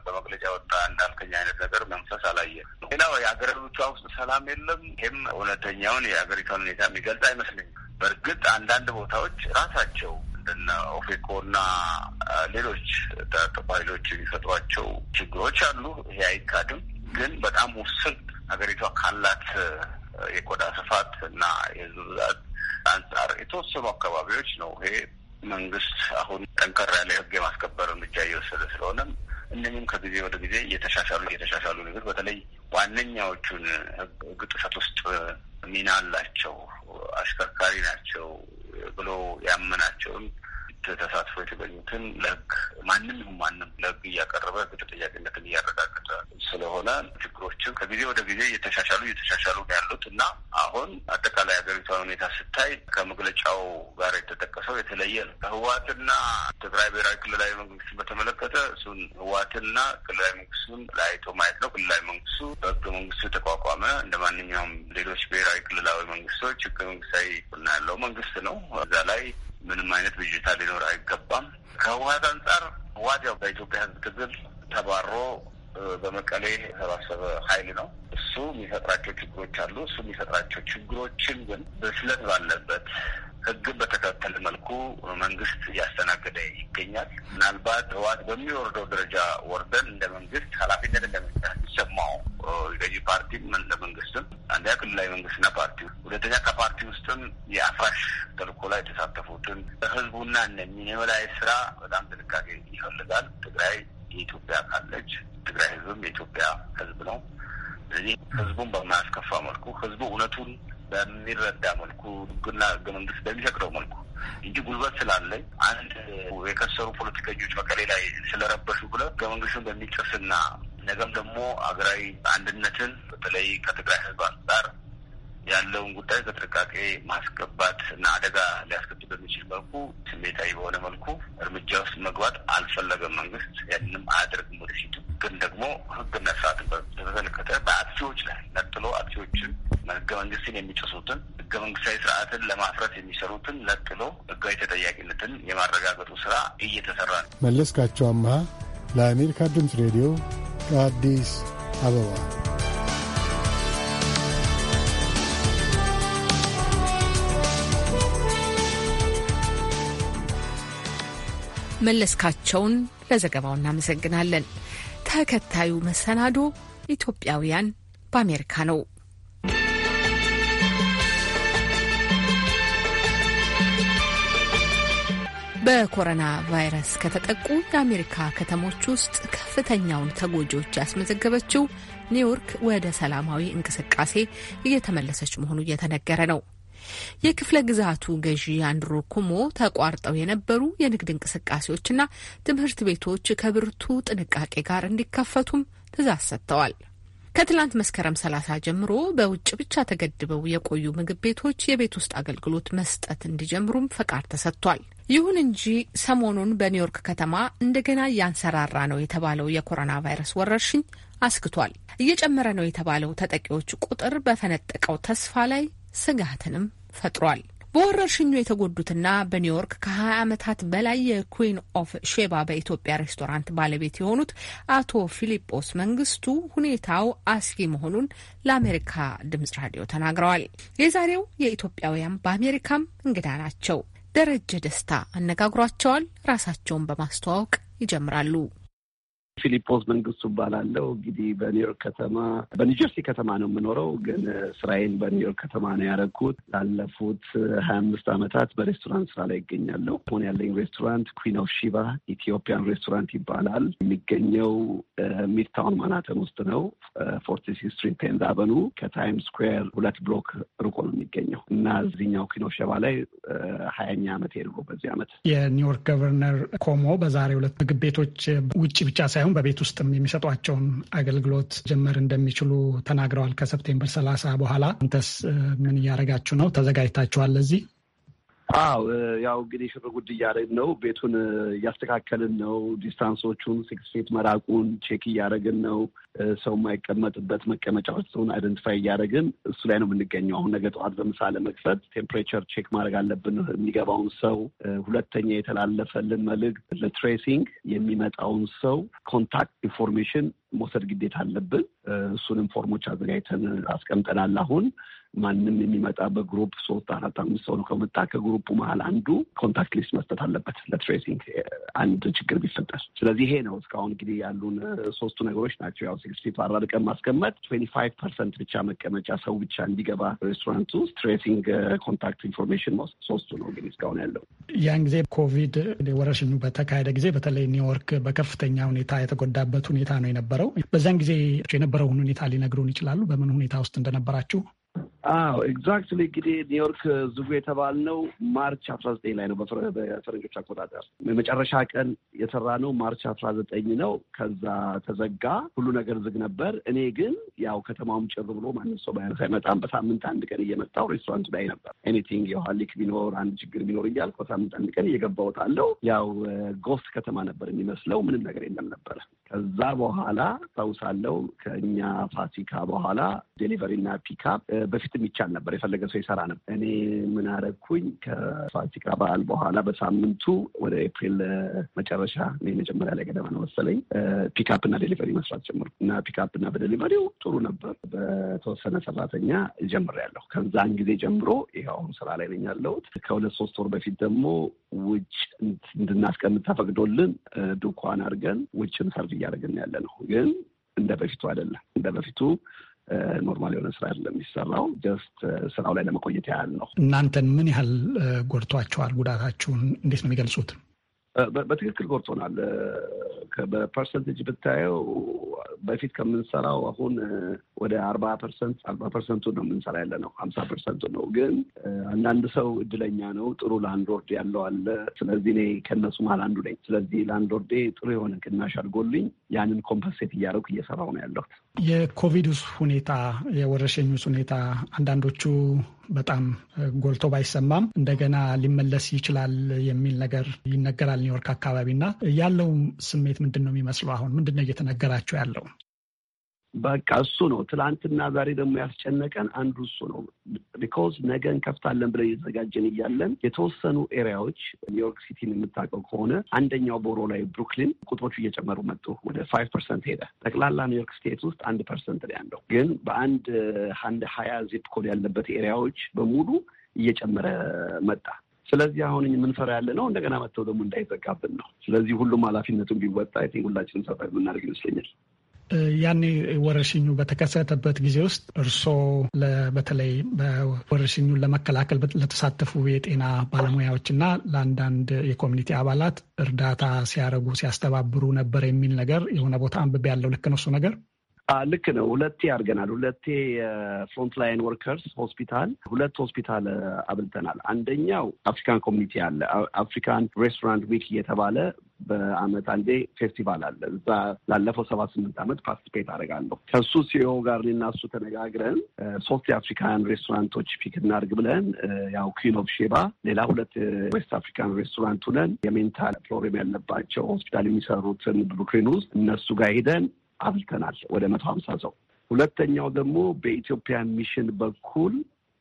በመግለጫ ወጣ እንዳልከኝ አይነት ነገር መምሰስ አላየም። ሌላው የሀገሪቷ ውስጥ ሰላም የለም። ይህም እውነተኛውን የሀገሪቷን ሁኔታ የሚገልጽ አይመስለኝም። በእርግጥ አንዳንድ ቦታዎች ራሳቸው እነ ኦፌኮ እና ሌሎች ታጥቆ ኃይሎች የሚፈጥሯቸው ችግሮች አሉ። ይሄ አይካድም። ግን በጣም ውስን ሀገሪቷ ካላት የቆዳ ስፋት እና የህዝብ ብዛት አንጻር የተወሰኑ አካባቢዎች ነው ይሄ መንግስት አሁን ጠንከር ያለ ህግ የማስከበር እርምጃ እየወሰደ ስለሆነም እነኝም ከጊዜ ወደ ጊዜ እየተሻሻሉ እየተሻሻሉ ነገር በተለይ ዋነኛዎቹን ህግ ጥሰት ውስጥ ሚና አላቸው፣ አሽከርካሪ ናቸው ብሎ ያመናቸውን ተሳትፎ የተገኙትን ለህግ ማንም ይሁን ማንም ለህግ እያቀረበ ህግ ተጠያቂነትን እያረጋገጠ ስለሆነ ችግሮችም ከጊዜ ወደ ጊዜ እየተሻሻሉ እየተሻሻሉ ነው ያሉት እና አሁን አጠቃላይ ሀገሪቷ ሁኔታ ስታይ ከመግለጫው ጋር የተጠቀሰው የተለየ ነው። ከህወሓትና ትግራይ ብሔራዊ ክልላዊ መንግስት በተመለከተ እሱን ህወሓትና ክልላዊ መንግስቱን ለአይቶ ማየት ነው። ክልላዊ መንግስቱ በህገ መንግስቱ የተቋቋመ እንደ ማንኛውም ሌሎች ብሔራዊ ክልላዊ መንግስቶች ህገ መንግስታዊ ያለው መንግስት ነው እዛ ላይ ምንም አይነት ብዥታ ሊኖር አይገባም። ከህወሀት አንጻር ዋዲያው በኢትዮጵያ ህዝብ ትግል ተባሮ በመቀሌ የተሰባሰበ ሀይል ነው። እሱ የሚፈጥራቸው ችግሮች አሉ። እሱ የሚፈጥራቸው ችግሮችን ግን ብስለት ባለበት ህግን በተከተለ መልኩ መንግስት እያስተናገደ ይገኛል። ምናልባት ህወሓት በሚወርደው ደረጃ ወርደን እንደ መንግስት ኃላፊነት እንደሚሰማው ገዢ ፓርቲም እንደ መንግስትም አንደኛ ክልላዊ መንግስትና ፓርቲ፣ ሁለተኛ ከፓርቲ ውስጥም የአፍራሽ ተልእኮ ላይ የተሳተፉትን ህዝቡና እነሚን የበላይ ስራ በጣም ጥንቃቄ ይፈልጋል። ትግራይ የኢትዮጵያ ካለች ትግራይ ህዝብም የኢትዮጵያ ህዝብ ነው። ስለዚህ ህዝቡን በማያስከፋ መልኩ ህዝቡ እውነቱን በሚረዳ መልኩ ሕግና ህገ መንግስት በሚፈቅደው መልኩ እንጂ ጉልበት ስላለኝ አንድ የከሰሩ ፖለቲከኞች መቀሌ ላይ ስለረበሹ ብለ ህገ መንግስቱን በሚጥስና ነገም ደግሞ አገራዊ አንድነትን በተለይ ከትግራይ ህዝብ አንጻር ያለውን ጉዳይ በጥንቃቄ ማስገባት እና አደጋ ሊያስከትል በሚችል መልኩ ስሜታዊ በሆነ መልኩ እርምጃ ውስጥ መግባት አልፈለገም መንግስት። ያንንም አያደርግም። ወደፊቱ ግን ደግሞ ህግና ስርዓትን በተመለከተ በአክሲዎች ላይ ነጥሎ አክሲዎችን ህገ መንግስትን የሚጥሱትን ህገ መንግስታዊ ስርዓትን ለማፍረስ የሚሰሩትን ነጥሎ ህጋዊ ተጠያቂነትን የማረጋገጡ ስራ እየተሰራ ነው። መለስካቸው አመሀ ለአሜሪካ ድምፅ ሬዲዮ ከአዲስ አበባ መለስካቸውን ለዘገባው እናመሰግናለን። ተከታዩ መሰናዶ ኢትዮጵያውያን በአሜሪካ ነው። በኮሮና ቫይረስ ከተጠቁ የአሜሪካ ከተሞች ውስጥ ከፍተኛውን ተጎጂዎች ያስመዘገበችው ኒውዮርክ ወደ ሰላማዊ እንቅስቃሴ እየተመለሰች መሆኑ እየተነገረ ነው። የክፍለ ግዛቱ ገዢ አንድሮ ኩሞ ተቋርጠው የነበሩ የንግድ እንቅስቃሴዎችና ትምህርት ቤቶች ከብርቱ ጥንቃቄ ጋር እንዲከፈቱም ትእዛዝ ሰጥተዋል። ከትላንት መስከረም ሰላሳ ጀምሮ በውጭ ብቻ ተገድበው የቆዩ ምግብ ቤቶች የቤት ውስጥ አገልግሎት መስጠት እንዲጀምሩም ፈቃድ ተሰጥቷል። ይሁን እንጂ ሰሞኑን በኒውዮርክ ከተማ እንደገና እያንሰራራ ነው የተባለው የኮሮና ቫይረስ ወረርሽኝ አስክቷል። እየጨመረ ነው የተባለው ተጠቂዎች ቁጥር በፈነጠቀው ተስፋ ላይ ስጋትንም ፈጥሯል። በወረርሽኙ የተጎዱትና በኒውዮርክ ከ20 ዓመታት በላይ የኩዊን ኦፍ ሼባ በኢትዮጵያ ሬስቶራንት ባለቤት የሆኑት አቶ ፊሊጶስ መንግስቱ ሁኔታው አስጊ መሆኑን ለአሜሪካ ድምጽ ራዲዮ ተናግረዋል። የዛሬው የኢትዮጵያውያን በአሜሪካም እንግዳ ናቸው። ደረጀ ደስታ አነጋግሯቸዋል። ራሳቸውን በማስተዋወቅ ይጀምራሉ። ፊሊፖስ መንግስቱ እባላለሁ። እንግዲህ በኒውዮርክ ከተማ በኒውጀርሲ ከተማ ነው የምኖረው፣ ግን ስራዬን በኒውዮርክ ከተማ ነው ያደረኩት። ላለፉት ሀያ አምስት ዓመታት በሬስቶራንት ስራ ላይ ይገኛለሁ። አሁን ያለኝ ሬስቶራንት ኩዊን ኦፍ ሺባ ኢትዮጵያን ሬስቶራንት ይባላል። የሚገኘው ሚድታውን ማናተን ውስጥ ነው። ፎርቲ ሲክስ ስትሪት ቴንዝ አቨኑ ከታይም ስኩዌር ሁለት ብሎክ ርቆ ነው የሚገኘው እና እዚህኛው ኩዊን ኦፍ ሺባ ላይ ሀያኛ ዓመት ሄድጎ በዚህ አመት የኒውዮርክ ገቨርነር ኮሞ በዛሬ ሁለት ምግብ ቤቶች ውጭ ብቻ ሳይሆን አሁን በቤት ውስጥም የሚሰጧቸውን አገልግሎት ጀመር እንደሚችሉ ተናግረዋል። ከሰፕቴምበር ሰላሳ በኋላ አንተስ ምን እያደረጋችሁ ነው? ተዘጋጅታችኋል ለዚህ? አዎ ያው እንግዲህ ሽር ጉድ እያደረግን ነው። ቤቱን እያስተካከልን ነው። ዲስታንሶቹን ሲክስ ፊት መራቁን ቼክ እያደረግን ነው። ሰው የማይቀመጥበት መቀመጫዎች ሰውን አይደንቲፋይ እያደረግን እሱ ላይ ነው የምንገኘው። አሁን ነገ ጠዋት በምሳ ለመክፈት ቴምፕሬቸር ቼክ ማድረግ አለብን የሚገባውን ሰው። ሁለተኛ የተላለፈልን መልእክት ለትሬሲንግ የሚመጣውን ሰው ኮንታክት ኢንፎርሜሽን መውሰድ ግዴታ አለብን። እሱንም ፎርሞች አዘጋጅተን አስቀምጠናል። አሁን ማንም የሚመጣ በግሩፕ ሶስት አራት አምስት ሰው ከመጣ ከግሩፑ መሀል አንዱ ኮንታክት ሊስት መስጠት አለበት ለትሬሲንግ አንድ ችግር ቢፈጠር። ስለዚህ ይሄ ነው እስካሁን እንግዲህ ያሉን ሶስቱ ነገሮች ናቸው። ያው ሲክስ ፊት አራርቀን ማስቀመጥ ትዌንቲ ፋይቭ ፐርሰንት ብቻ መቀመጫ ሰው ብቻ እንዲገባ ሬስቶራንት ውስጥ ትሬሲንግ፣ ኮንታክት ኢንፎርሜሽን መውሰድ ሶስቱ ነው ግን እስካሁን ያለው። ያን ጊዜ ኮቪድ ወረርሽኙ በተካሄደ ጊዜ በተለይ ኒውዮርክ በከፍተኛ ሁኔታ የተጎዳበት ሁኔታ ነው የነበረው። በዛን ጊዜ የነበረውን ሁኔታ ሊነግሩን ይችላሉ? በምን ሁኔታ ውስጥ እንደነበራችሁ? አዎ ኤግዛክትሊ እንግዲህ ኒውዮርክ ዝጉ የተባልነው ማርች አስራ ዘጠኝ ላይ ነው በፈረንጆች አቆጣጠር። መጨረሻ ቀን የሰራ ነው ማርች አስራ ዘጠኝ ነው። ከዛ ተዘጋ፣ ሁሉ ነገር ዝግ ነበር። እኔ ግን ያው ከተማውም ጭር ብሎ ማንም ሰው ባያንስ አይመጣም። በሳምንት አንድ ቀን እየመጣው ሬስቶራንት ላይ ነበር። ኤኒቲንግ ሊክ ቢኖር አንድ ችግር ቢኖር እያልኩ በሳምንት አንድ ቀን እየገባውታለው ያው ጎስት uh, ከተማ ነበር የሚመስለው፣ ምንም ነገር የለም ነበረ። ከዛ በኋላ ታውሳለሁ ከእኛ ፋሲካ በኋላ ዴሊቨሪ እና ፒካፕ በፊትም ይቻል ነበር፣ የፈለገ ሰው ይሰራ ነበር። እኔ ምን አደረግኩኝ ከፋሲካ በዓል በኋላ በሳምንቱ ወደ ኤፕሪል መጨረሻ መጀመሪያ ላይ ገደማ ነው መሰለኝ ፒክአፕ እና ዴሊቨሪ መስራት ጀምሩ እና ፒክአፕ እና በዴሊቨሪው ጥሩ ነበር። በተወሰነ ሰራተኛ ጀምሬያለሁ። ከዛን ጊዜ ጀምሮ ይኸው አሁን ስራ ላይ ነኝ ያለሁት። ከሁለት ሶስት ወር በፊት ደግሞ ውጭ እንድናስቀምጥ ተፈቅዶልን ድንኳን አድርገን ውጭን ሰርቭ እያደረግን ያለ ነው ግን እንደ በፊቱ አይደለም። እንደ በፊቱ ኖርማል የሆነ ስራ አይደለም የሚሰራው። ጀስት uh, ስራው ላይ ለመቆየት ያህል ነው። እናንተን ምን ያህል uh, ጎድቷቸዋል? ጉዳታችሁን እንዴት ነው የሚገልጹት? Uh, በትክክል ጎድቶናል። በፐርሰንቴጅ ብታየው በፊት ከምንሰራው አሁን ወደ አርባ ፐርሰንት አርባ ፐርሰንቱ ነው የምንሰራ ያለ ነው። ሀምሳ ፐርሰንቱ ነው ግን አንዳንድ ሰው እድለኛ ነው። ጥሩ ላንድሎርድ ያለው አለ። ስለዚህ እኔ ከነሱ መሀል አንዱ ነኝ። ስለዚህ ላንድሎርዴ ጥሩ የሆነ ቅናሽ አድርጎልኝ ያንን ኮምፐንሴት እያደረኩ እየሰራው ነው ያለሁት። የኮቪድስ ሁኔታ የወረሸኙስ ሁኔታ አንዳንዶቹ በጣም ጎልቶ ባይሰማም እንደገና ሊመለስ ይችላል የሚል ነገር ይነገራል ኒውዮርክ አካባቢ እና ያለው ስሜት ምንድን ነው የሚመስለው? አሁን ምንድን ነው እየተነገራቸው ያለ አለው። በቃ እሱ ነው። ትላንትና ዛሬ ደግሞ ያስጨነቀን አንዱ እሱ ነው። ቢኮዝ ነገ እንከፍታለን ብለን እየተዘጋጀን እያለን የተወሰኑ ኤሪያዎች ኒውዮርክ ሲቲን የምታውቀው ከሆነ አንደኛው ቦሮ ላይ ብሩክሊን ቁጥሮቹ እየጨመሩ መጡ። ወደ ፋይቭ ፐርሰንት ሄደ። ጠቅላላ ኒውዮርክ ስቴት ውስጥ አንድ ፐርሰንት ላይ ያለው ግን በአንድ አንድ ሀያ ዚፕ ኮድ ያለበት ኤሪያዎች በሙሉ እየጨመረ መጣ። ስለዚህ አሁን የምንፈራ ያለ ነው እንደገና መጥተው ደግሞ እንዳይዘጋብን ነው። ስለዚህ ሁሉም ኃላፊነቱን ቢወጣ ሁላችንም ሰፋ የምናደርግ ይመስለኛል። ያኔ ወረርሽኙ በተከሰተበት ጊዜ ውስጥ እርስዎ በተለይ ወረርሽኙን ለመከላከል ለተሳተፉ የጤና ባለሙያዎች እና ለአንዳንድ የኮሚኒቲ አባላት እርዳታ ሲያደርጉ ሲያስተባብሩ ነበር የሚል ነገር የሆነ ቦታ አንብቤ ያለው ልክ ነው እሱ ነገር ልክ ነው። ሁለቴ አድርገናል። ሁለቴ የፍሮንት ላይን ወርከርስ ሆስፒታል ሁለት ሆስፒታል አብልተናል። አንደኛው አፍሪካን ኮሚኒቲ አለ። አፍሪካን ሬስቶራንት ዊክ እየተባለ በአመት አንዴ ፌስቲቫል አለ። እዛ ላለፈው ሰባት ስምንት አመት ፓርቲስፔት አደርጋለሁ ከሱ ሲኦ ጋር እናሱ ተነጋግረን ሶስት የአፍሪካን ሬስቶራንቶች ፒክ እናርግ ብለን ያው ኩዊን ኦፍ ሼባ፣ ሌላ ሁለት ዌስት አፍሪካን ሬስቶራንት ሁነን የሜንታል ፕሮብሌም ያለባቸው ሆስፒታል የሚሰሩትን ብሩክሊን ውስጥ እነሱ ጋር ሄደን አብልተናል ወደ መቶ ሀምሳ ሰው። ሁለተኛው ደግሞ በኢትዮጵያ ሚሽን በኩል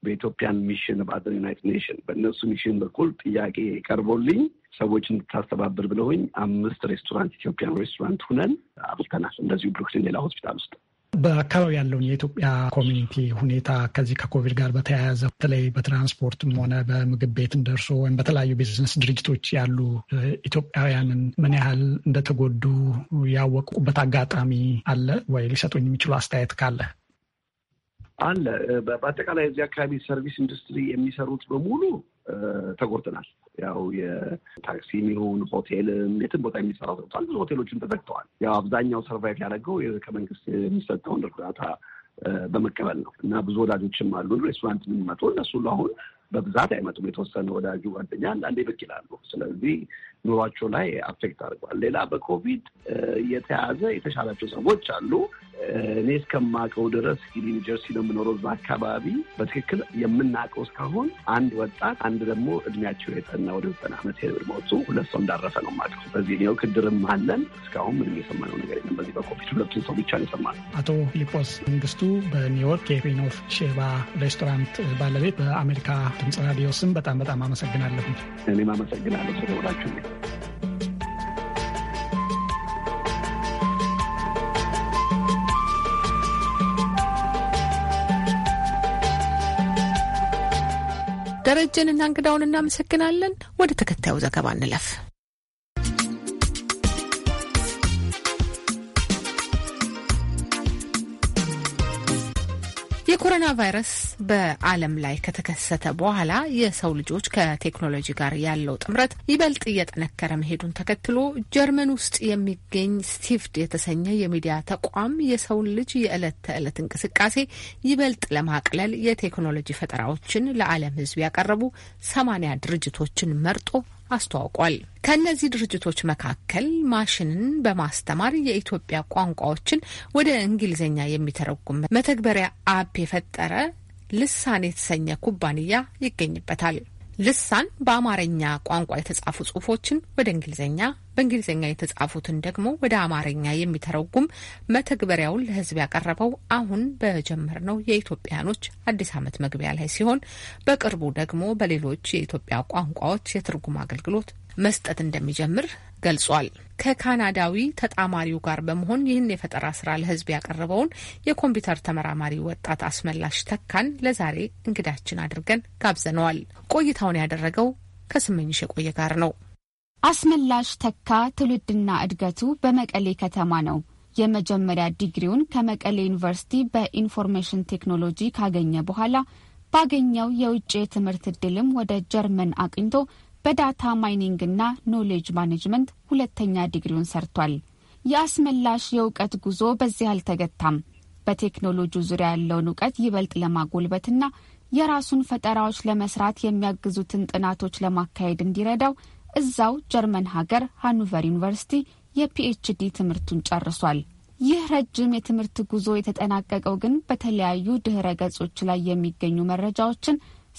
በኢትዮጵያን ሚሽን በአዘር ዩናይትድ ኔሽን በእነሱ ሚሽን በኩል ጥያቄ ቀርቦልኝ ሰዎች እንድታስተባብር ብለውኝ አምስት ሬስቶራንት ኢትዮጵያን ሬስቶራንት ሁነን አብልተናል። እንደዚሁ ብሩክሊን ሌላ ሆስፒታል ውስጥ በአካባቢ ያለውን የኢትዮጵያ ኮሚኒቲ ሁኔታ ከዚህ ከኮቪድ ጋር በተያያዘ በተለይ በትራንስፖርትም ሆነ በምግብ ቤት እንደርሶ ወይም በተለያዩ ቢዝነስ ድርጅቶች ያሉ ኢትዮጵያውያንን ምን ያህል እንደተጎዱ ያወቁበት አጋጣሚ አለ ወይ? ሊሰጡኝ የሚችሉ አስተያየት ካለ አለ። በአጠቃላይ እዚህ አካባቢ ሰርቪስ ኢንዱስትሪ የሚሰሩት በሙሉ ተጎድተናል። ያው የታክሲም ይሁን ሆቴልም የትም ቦታ የሚሰራ ሰጥቷል። ብዙ ሆቴሎችም ተዘግተዋል። ያው አብዛኛው ሰርቫይቭ ያደረገው ከመንግስት የሚሰጠውን እርዳታ በመቀበል ነው እና ብዙ ወዳጆችም አሉ ሬስቶራንት የሚመጡ እነሱ አሁን በብዛት አይመጡም። የተወሰነ ወዳጁ ጓደኛ አንዳንዴ ብቅ ይላሉ። ስለዚህ ኑሯቸው ላይ አፌክት አድርጓል። ሌላ በኮቪድ የተያዘ የተሻላቸው ሰዎች አሉ። እኔ እስከማውቀው ድረስ ኒውጀርሲ ነው የምኖረው። እዛ አካባቢ በትክክል የምናውቀው እስካሁን አንድ ወጣት፣ አንድ ደግሞ እድሜያቸው የጠና ወደ ዘጠና ዓመት ሞቱ። ሁለት ሰው እንዳረፈ ነው የማውቀው። በዚህ ኒውዮርክ ክድርም አለን። እስካሁን ምንም የሰማነው ነገር የለም። በዚህ በኮቪድ ሁለቱን ሰው ብቻ ነው የሰማነው። አቶ ፊሊጶስ መንግስቱ በኒውዮርክ የኩዊን ኦፍ ሼባ ሬስቶራንት ባለቤት፣ በአሜሪካ ድምፅ ራዲዮ ስም በጣም በጣም አመሰግናለሁ። እኔም አመሰግናለሁ ስለሆናችሁ። ደረጀንና እንግዳውን እናመሰግናለን። ወደ ተከታዩ ዘገባ እንለፍ። የኮሮና ቫይረስ በዓለም ላይ ከተከሰተ በኋላ የሰው ልጆች ከቴክኖሎጂ ጋር ያለው ጥምረት ይበልጥ እየጠነከረ መሄዱን ተከትሎ ጀርመን ውስጥ የሚገኝ ስቲፍድ የተሰኘ የሚዲያ ተቋም የሰውን ልጅ የዕለት ተዕለት እንቅስቃሴ ይበልጥ ለማቅለል የቴክኖሎጂ ፈጠራዎችን ለዓለም ሕዝብ ያቀረቡ ሰማኒያ ድርጅቶችን መርጦ አስተዋውቋል። ከእነዚህ ድርጅቶች መካከል ማሽንን በማስተማር የኢትዮጵያ ቋንቋዎችን ወደ እንግሊዝኛ የሚተረጉም መተግበሪያ አፕ የፈጠረ ልሳን የተሰኘ ኩባንያ ይገኝበታል። ልሳን በአማርኛ ቋንቋ የተጻፉ ጽሁፎችን ወደ እንግሊዝኛ በእንግሊዝኛ የተጻፉትን ደግሞ ወደ አማርኛ የሚተረጉም መተግበሪያውን ለህዝብ ያቀረበው አሁን በጀመርነው የኢትዮጵያኖች አዲስ ዓመት መግቢያ ላይ ሲሆን በቅርቡ ደግሞ በሌሎች የኢትዮጵያ ቋንቋዎች የትርጉም አገልግሎት መስጠት እንደሚጀምር ገልጿል። ከካናዳዊ ተጣማሪው ጋር በመሆን ይህን የፈጠራ ስራ ለህዝብ ያቀረበውን የኮምፒውተር ተመራማሪ ወጣት አስመላሽ ተካን ለዛሬ እንግዳችን አድርገን ጋብዘነዋል። ቆይታውን ያደረገው ከስመኝሽ የቆየ ጋር ነው። አስመላሽ ተካ ትውልድና እድገቱ በመቀሌ ከተማ ነው። የመጀመሪያ ዲግሪውን ከመቀሌ ዩኒቨርሲቲ በኢንፎርሜሽን ቴክኖሎጂ ካገኘ በኋላ ባገኘው የውጭ የትምህርት ዕድልም ወደ ጀርመን አቅኝቶ በዳታ ማይኒንግና ኖሌጅ ማኔጅመንት ሁለተኛ ዲግሪውን ሰርቷል። የአስመላሽ የእውቀት ጉዞ በዚህ አልተገታም። በቴክኖሎጂው ዙሪያ ያለውን እውቀት ይበልጥ ለማጎልበትና የራሱን ፈጠራዎች ለመስራት የሚያግዙትን ጥናቶች ለማካሄድ እንዲረዳው እዛው ጀርመን ሀገር ሃኖቨር ዩኒቨርሲቲ የፒኤችዲ ትምህርቱን ጨርሷል። ይህ ረጅም የትምህርት ጉዞ የተጠናቀቀው ግን በተለያዩ ድኅረ ገጾች ላይ የሚገኙ መረጃዎችን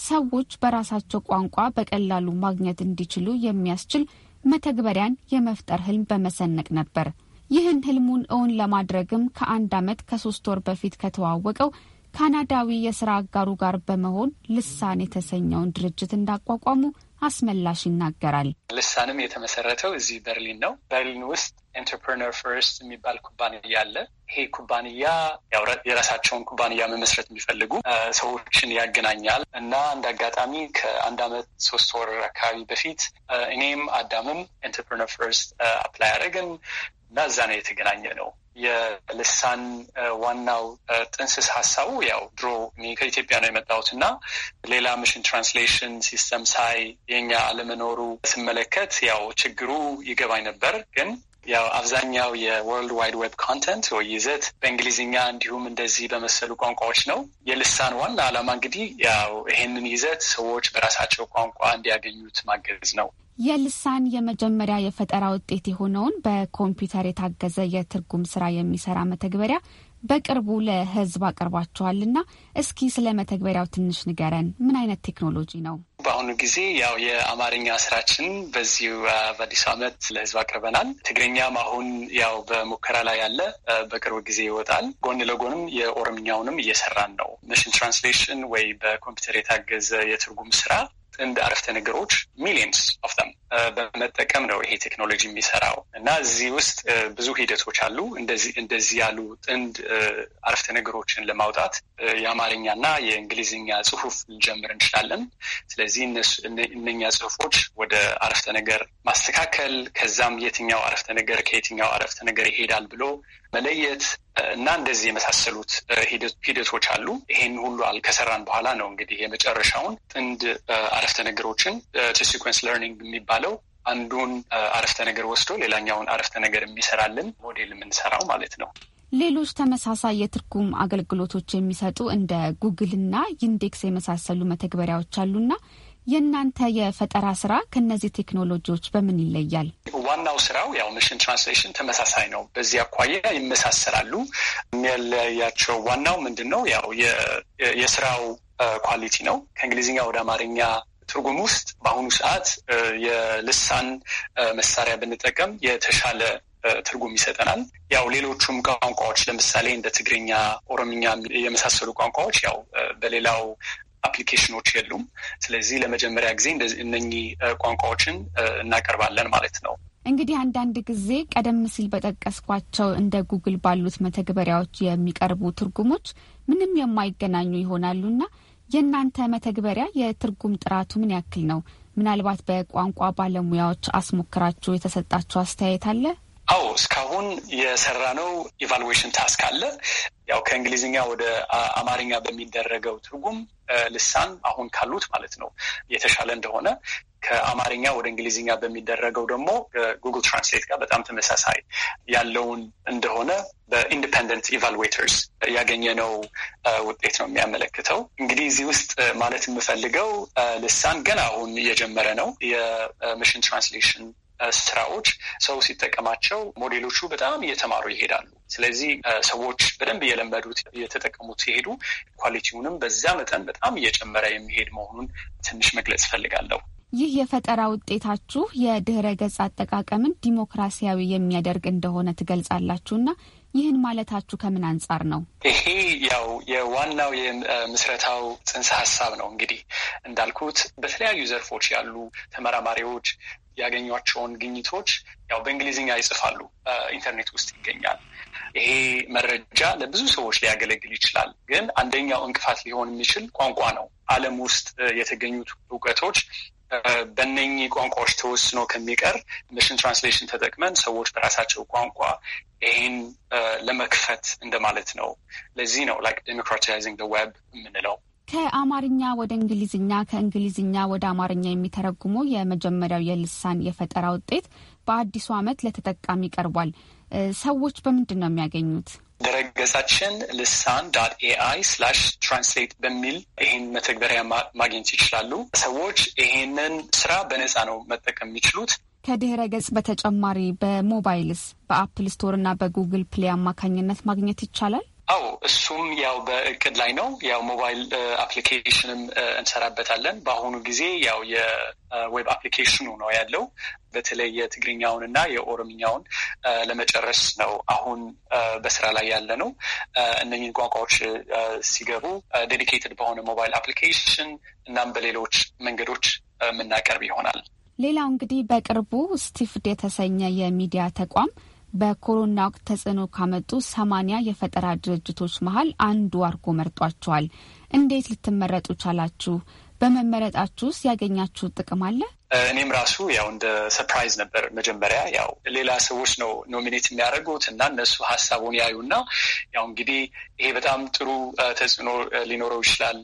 ሰዎች በራሳቸው ቋንቋ በቀላሉ ማግኘት እንዲችሉ የሚያስችል መተግበሪያን የመፍጠር ህልም በመሰነቅ ነበር። ይህን ህልሙን እውን ለማድረግም ከአንድ ዓመት ከሶስት ወር በፊት ከተዋወቀው ካናዳዊ የስራ አጋሩ ጋር በመሆን ልሳን የተሰኘውን ድርጅት እንዳቋቋሙ አስመላሽ ይናገራል። ልሳንም የተመሰረተው እዚህ በርሊን ነው። በርሊን ውስጥ ኤንተርፕርነር ፈርስት የሚባል ኩባንያ አለ። ይሄ ኩባንያ የራሳቸውን ኩባንያ መመስረት የሚፈልጉ ሰዎችን ያገናኛል እና እንደ አጋጣሚ ከአንድ ዓመት ሶስት ወር አካባቢ በፊት እኔም አዳምም ኤንተርፕርነር ፈርስት አፕላይ አደረግን እና እዛ ነው የተገናኘ ነው። የልሳን ዋናው ጥንስስ ሀሳቡ ያው ድሮ ከኢትዮጵያ ነው የመጣሁት እና ሌላ ምሽን ትራንስሌሽን ሲስተም ሳይ የኛ አለመኖሩ ስመለከት ያው ችግሩ ይገባኝ ነበር ግን ያው አብዛኛው የወርልድ ዋይድ ዌብ ኮንተንት ወይ ይዘት በእንግሊዝኛ እንዲሁም እንደዚህ በመሰሉ ቋንቋዎች ነው። የልሳን ዋና ዓላማ እንግዲህ ያው ይሄንን ይዘት ሰዎች በራሳቸው ቋንቋ እንዲያገኙት ማገዝ ነው። የልሳን የመጀመሪያ የፈጠራ ውጤት የሆነውን በኮምፒውተር የታገዘ የትርጉም ስራ የሚሰራ መተግበሪያ በቅርቡ ለህዝብ አቅርባችኋልና እስኪ ስለ መተግበሪያው ትንሽ ንገረን። ምን አይነት ቴክኖሎጂ ነው? በአሁኑ ጊዜ ያው የአማርኛ ስራችን በዚሁ በአዲሱ ዓመት ለህዝብ አቅርበናል። ትግርኛም አሁን ያው በሙከራ ላይ ያለ በቅርብ ጊዜ ይወጣል። ጎን ለጎንም የኦሮምኛውንም እየሰራን ነው። መሽን ትራንስሌሽን ወይ በኮምፒውተር የታገዘ የትርጉም ስራ እንደ አረፍተ ነገሮች ሚሊየንስ ኦፍተም በመጠቀም ነው ይሄ ቴክኖሎጂ የሚሰራው እና እዚህ ውስጥ ብዙ ሂደቶች አሉ። እንደዚህ ያሉ ጥንድ አረፍተ ነገሮችን ለማውጣት የአማርኛና የእንግሊዝኛ ጽሁፍ ልጀምር እንችላለን። ስለዚህ ስለዚህ እነኛ ጽሁፎች ወደ አረፍተ ነገር ማስተካከል ከዛም የትኛው አረፍተ ነገር ከየትኛው አረፍተ ነገር ይሄዳል ብሎ መለየት እና እንደዚህ የመሳሰሉት ሂደቶች አሉ። ይሄን ሁሉ ከሰራን በኋላ ነው እንግዲህ የመጨረሻውን ጥንድ አረፍተ ነገሮችን ሲኩዌንስ ለርኒንግ የሚባለው አንዱን አረፍተ ነገር ወስዶ ሌላኛውን አረፍተ ነገር የሚሰራልን ሞዴል የምንሰራው ማለት ነው። ሌሎች ተመሳሳይ የትርጉም አገልግሎቶች የሚሰጡ እንደ ጉግልና ይንዴክስ የመሳሰሉ መተግበሪያዎች አሉና የእናንተ የፈጠራ ስራ ከነዚህ ቴክኖሎጂዎች በምን ይለያል? ዋናው ስራው ያው ሚሽን ትራንስሌሽን ተመሳሳይ ነው። በዚህ አኳያ ይመሳሰላሉ። የሚያለያቸው ዋናው ምንድን ነው? ያው የስራው ኳሊቲ ነው። ከእንግሊዝኛ ወደ አማርኛ ትርጉም ውስጥ በአሁኑ ሰዓት የልሳን መሳሪያ ብንጠቀም የተሻለ ትርጉም ይሰጠናል። ያው ሌሎቹም ቋንቋዎች ለምሳሌ እንደ ትግርኛ፣ ኦሮምኛ የመሳሰሉ ቋንቋዎች ያው በሌላው አፕሊኬሽኖች የሉም። ስለዚህ ለመጀመሪያ ጊዜ እነኚህ ቋንቋዎችን እናቀርባለን ማለት ነው። እንግዲህ አንዳንድ ጊዜ ቀደም ሲል በጠቀስኳቸው እንደ ጉግል ባሉት መተግበሪያዎች የሚቀርቡ ትርጉሞች ምንም የማይገናኙ ይሆናሉና የእናንተ መተግበሪያ የትርጉም ጥራቱ ምን ያክል ነው? ምናልባት በቋንቋ ባለሙያዎች አስሞክራችሁ የተሰጣችሁ አስተያየት አለ? አዎ እስካሁን የሰራ ነው ኢቫሉዌሽን ታስክ አለ። ያው ከእንግሊዝኛ ወደ አማርኛ በሚደረገው ትርጉም ልሳን አሁን ካሉት ማለት ነው የተሻለ እንደሆነ ከአማርኛ ወደ እንግሊዝኛ በሚደረገው ደግሞ ከጉግል ትራንስሌት ጋር በጣም ተመሳሳይ ያለውን እንደሆነ በኢንዲፐንደንት ኢቫሉዌተርስ ያገኘነው ውጤት ነው የሚያመለክተው። እንግዲህ እዚህ ውስጥ ማለት የምፈልገው ልሳን ገና አሁን እየጀመረ ነው። የመሽን ትራንስሌሽን ስራዎች ሰው ሲጠቀማቸው ሞዴሎቹ በጣም እየተማሩ ይሄዳሉ። ስለዚህ ሰዎች በደንብ እየለመዱት እየተጠቀሙት ሲሄዱ ኳሊቲውንም በዛ መጠን በጣም እየጨመረ የሚሄድ መሆኑን ትንሽ መግለጽ እፈልጋለሁ። ይህ የፈጠራ ውጤታችሁ የድህረ ገጽ አጠቃቀምን ዲሞክራሲያዊ የሚያደርግ እንደሆነ ትገልጻላችሁና ይህን ማለታችሁ ከምን አንጻር ነው? ይሄ ያው የዋናው የምስረታው ጽንሰ ሀሳብ ነው። እንግዲህ እንዳልኩት በተለያዩ ዘርፎች ያሉ ተመራማሪዎች ያገኟቸውን ግኝቶች ያው በእንግሊዝኛ ይጽፋሉ፣ ኢንተርኔት ውስጥ ይገኛል። ይሄ መረጃ ለብዙ ሰዎች ሊያገለግል ይችላል። ግን አንደኛው እንቅፋት ሊሆን የሚችል ቋንቋ ነው። ዓለም ውስጥ የተገኙት እውቀቶች በእነኚህ ቋንቋዎች ተወስኖ ከሚቀር መሽን ትራንስሌሽን ተጠቅመን ሰዎች በራሳቸው ቋንቋ ይህን ለመክፈት እንደማለት ነው። ለዚህ ነው ላይክ ዴሞክራታይዚንግ ዌብ የምንለው። ከአማርኛ ወደ እንግሊዝኛ ከእንግሊዝኛ ወደ አማርኛ የሚተረጉሙ የመጀመሪያው የልሳን የፈጠራ ውጤት በአዲሱ ዓመት ለተጠቃሚ ቀርቧል። ሰዎች በምንድን ነው የሚያገኙት? ድረገጻችን ልሳን ዳት ኤአይ ስላሽ ትራንስሌት በሚል ይህን መተግበሪያ ማግኘት ይችላሉ። ሰዎች ይሄንን ስራ በነፃ ነው መጠቀም የሚችሉት። ከድህረ ገጽ በተጨማሪ በሞባይልስ በአፕል ስቶር እና በጉግል ፕሌይ አማካኝነት ማግኘት ይቻላል። አው እሱም ያው በእቅድ ላይ ነው። ያው ሞባይል አፕሊኬሽንም እንሰራበታለን። በአሁኑ ጊዜ ያው የዌብ አፕሊኬሽኑ ነው ያለው። በተለይ የትግርኛውን እና የኦሮምኛውን ለመጨረስ ነው አሁን በስራ ላይ ያለ ነው። እነኝህን ቋንቋዎች ሲገቡ ዴዲኬትድ በሆነ ሞባይል አፕሊኬሽን እናም በሌሎች መንገዶች የምናቀርብ ይሆናል። ሌላው እንግዲህ በቅርቡ ስቲፍድ የተሰኘ የሚዲያ ተቋም በኮሮና ወቅት ተጽዕኖ ካመጡ ሰማኒያ የፈጠራ ድርጅቶች መሀል አንዱ አድርጎ መርጧቸዋል። እንዴት ልትመረጡ ቻላችሁ? በመመረጣችሁ ውስጥ ያገኛችሁ ጥቅም አለ? እኔም ራሱ ያው እንደ ሰርፕራይዝ ነበር መጀመሪያ። ያው ሌላ ሰዎች ነው ኖሚኔት የሚያደርጉት እና እነሱ ሀሳቡን ያዩና ያው እንግዲህ ይሄ በጣም ጥሩ ተጽዕኖ ሊኖረው ይችላል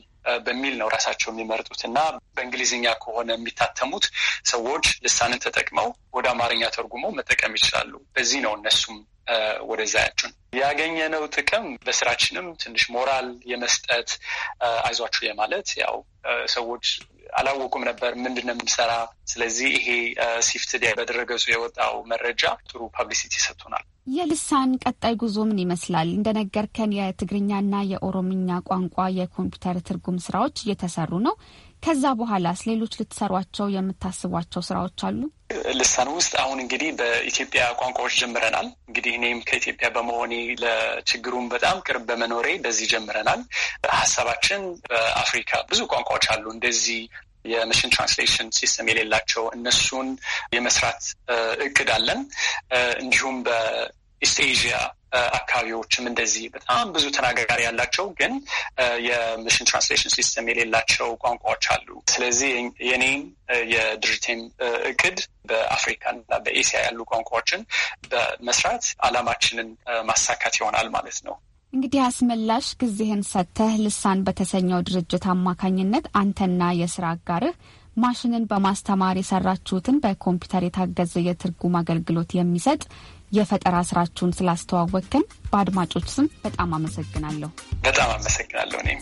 በሚል ነው ራሳቸው የሚመርጡት እና በእንግሊዝኛ ከሆነ የሚታተሙት ሰዎች ልሳንን ተጠቅመው ወደ አማርኛ ተርጉመው መጠቀም ይችላሉ። በዚህ ነው እነሱም ወደዛ ያጩን። ያገኘነው ጥቅም በስራችንም ትንሽ ሞራል የመስጠት አይዟችሁ የማለት ያው ሰዎች አላወቁም ነበር ምንድን ነው የምንሰራ። ስለዚህ ይሄ ሲፍትድ በድረገጹ የወጣው መረጃ ጥሩ ፐብሊሲቲ ሰጥቶናል። የልሳን ቀጣይ ጉዞ ምን ይመስላል? እንደነገርከን የትግርኛና የኦሮምኛ ቋንቋ የኮምፒውተር ትርጉም ስራዎች እየተሰሩ ነው። ከዛ በኋላስ ሌሎች ልትሰሯቸው የምታስቧቸው ስራዎች አሉ? ልሳን ውስጥ አሁን እንግዲህ በኢትዮጵያ ቋንቋዎች ጀምረናል። እንግዲህ እኔም ከኢትዮጵያ በመሆኔ ለችግሩም በጣም ቅርብ በመኖሬ በዚህ ጀምረናል። ሀሳባችን በአፍሪካ ብዙ ቋንቋዎች አሉ እንደዚህ የመሽን ትራንስሌሽን ሲስተም የሌላቸው እነሱን የመስራት እቅድ አለን። እንዲሁም ኢስት ኤዥያ አካባቢዎችም እንደዚህ በጣም ብዙ ተናጋሪ ያላቸው ግን የምሽን ትራንስሌሽን ሲስተም የሌላቸው ቋንቋዎች አሉ። ስለዚህ የኔም የድርጅቴም እቅድ በአፍሪካ እና በኤስያ ያሉ ቋንቋዎችን በመስራት አላማችንን ማሳካት ይሆናል ማለት ነው። እንግዲህ አስመላሽ ጊዜህን ሰጥተህ ልሳን በተሰኘው ድርጅት አማካኝነት አንተና የስራ አጋርህ ማሽንን በማስተማር የሰራችሁትን በኮምፒውተር የታገዘ የትርጉም አገልግሎት የሚሰጥ የፈጠራ ስራችሁን ስላስተዋወቅን በአድማጮች ስም በጣም አመሰግናለሁ። በጣም አመሰግናለሁ እኔም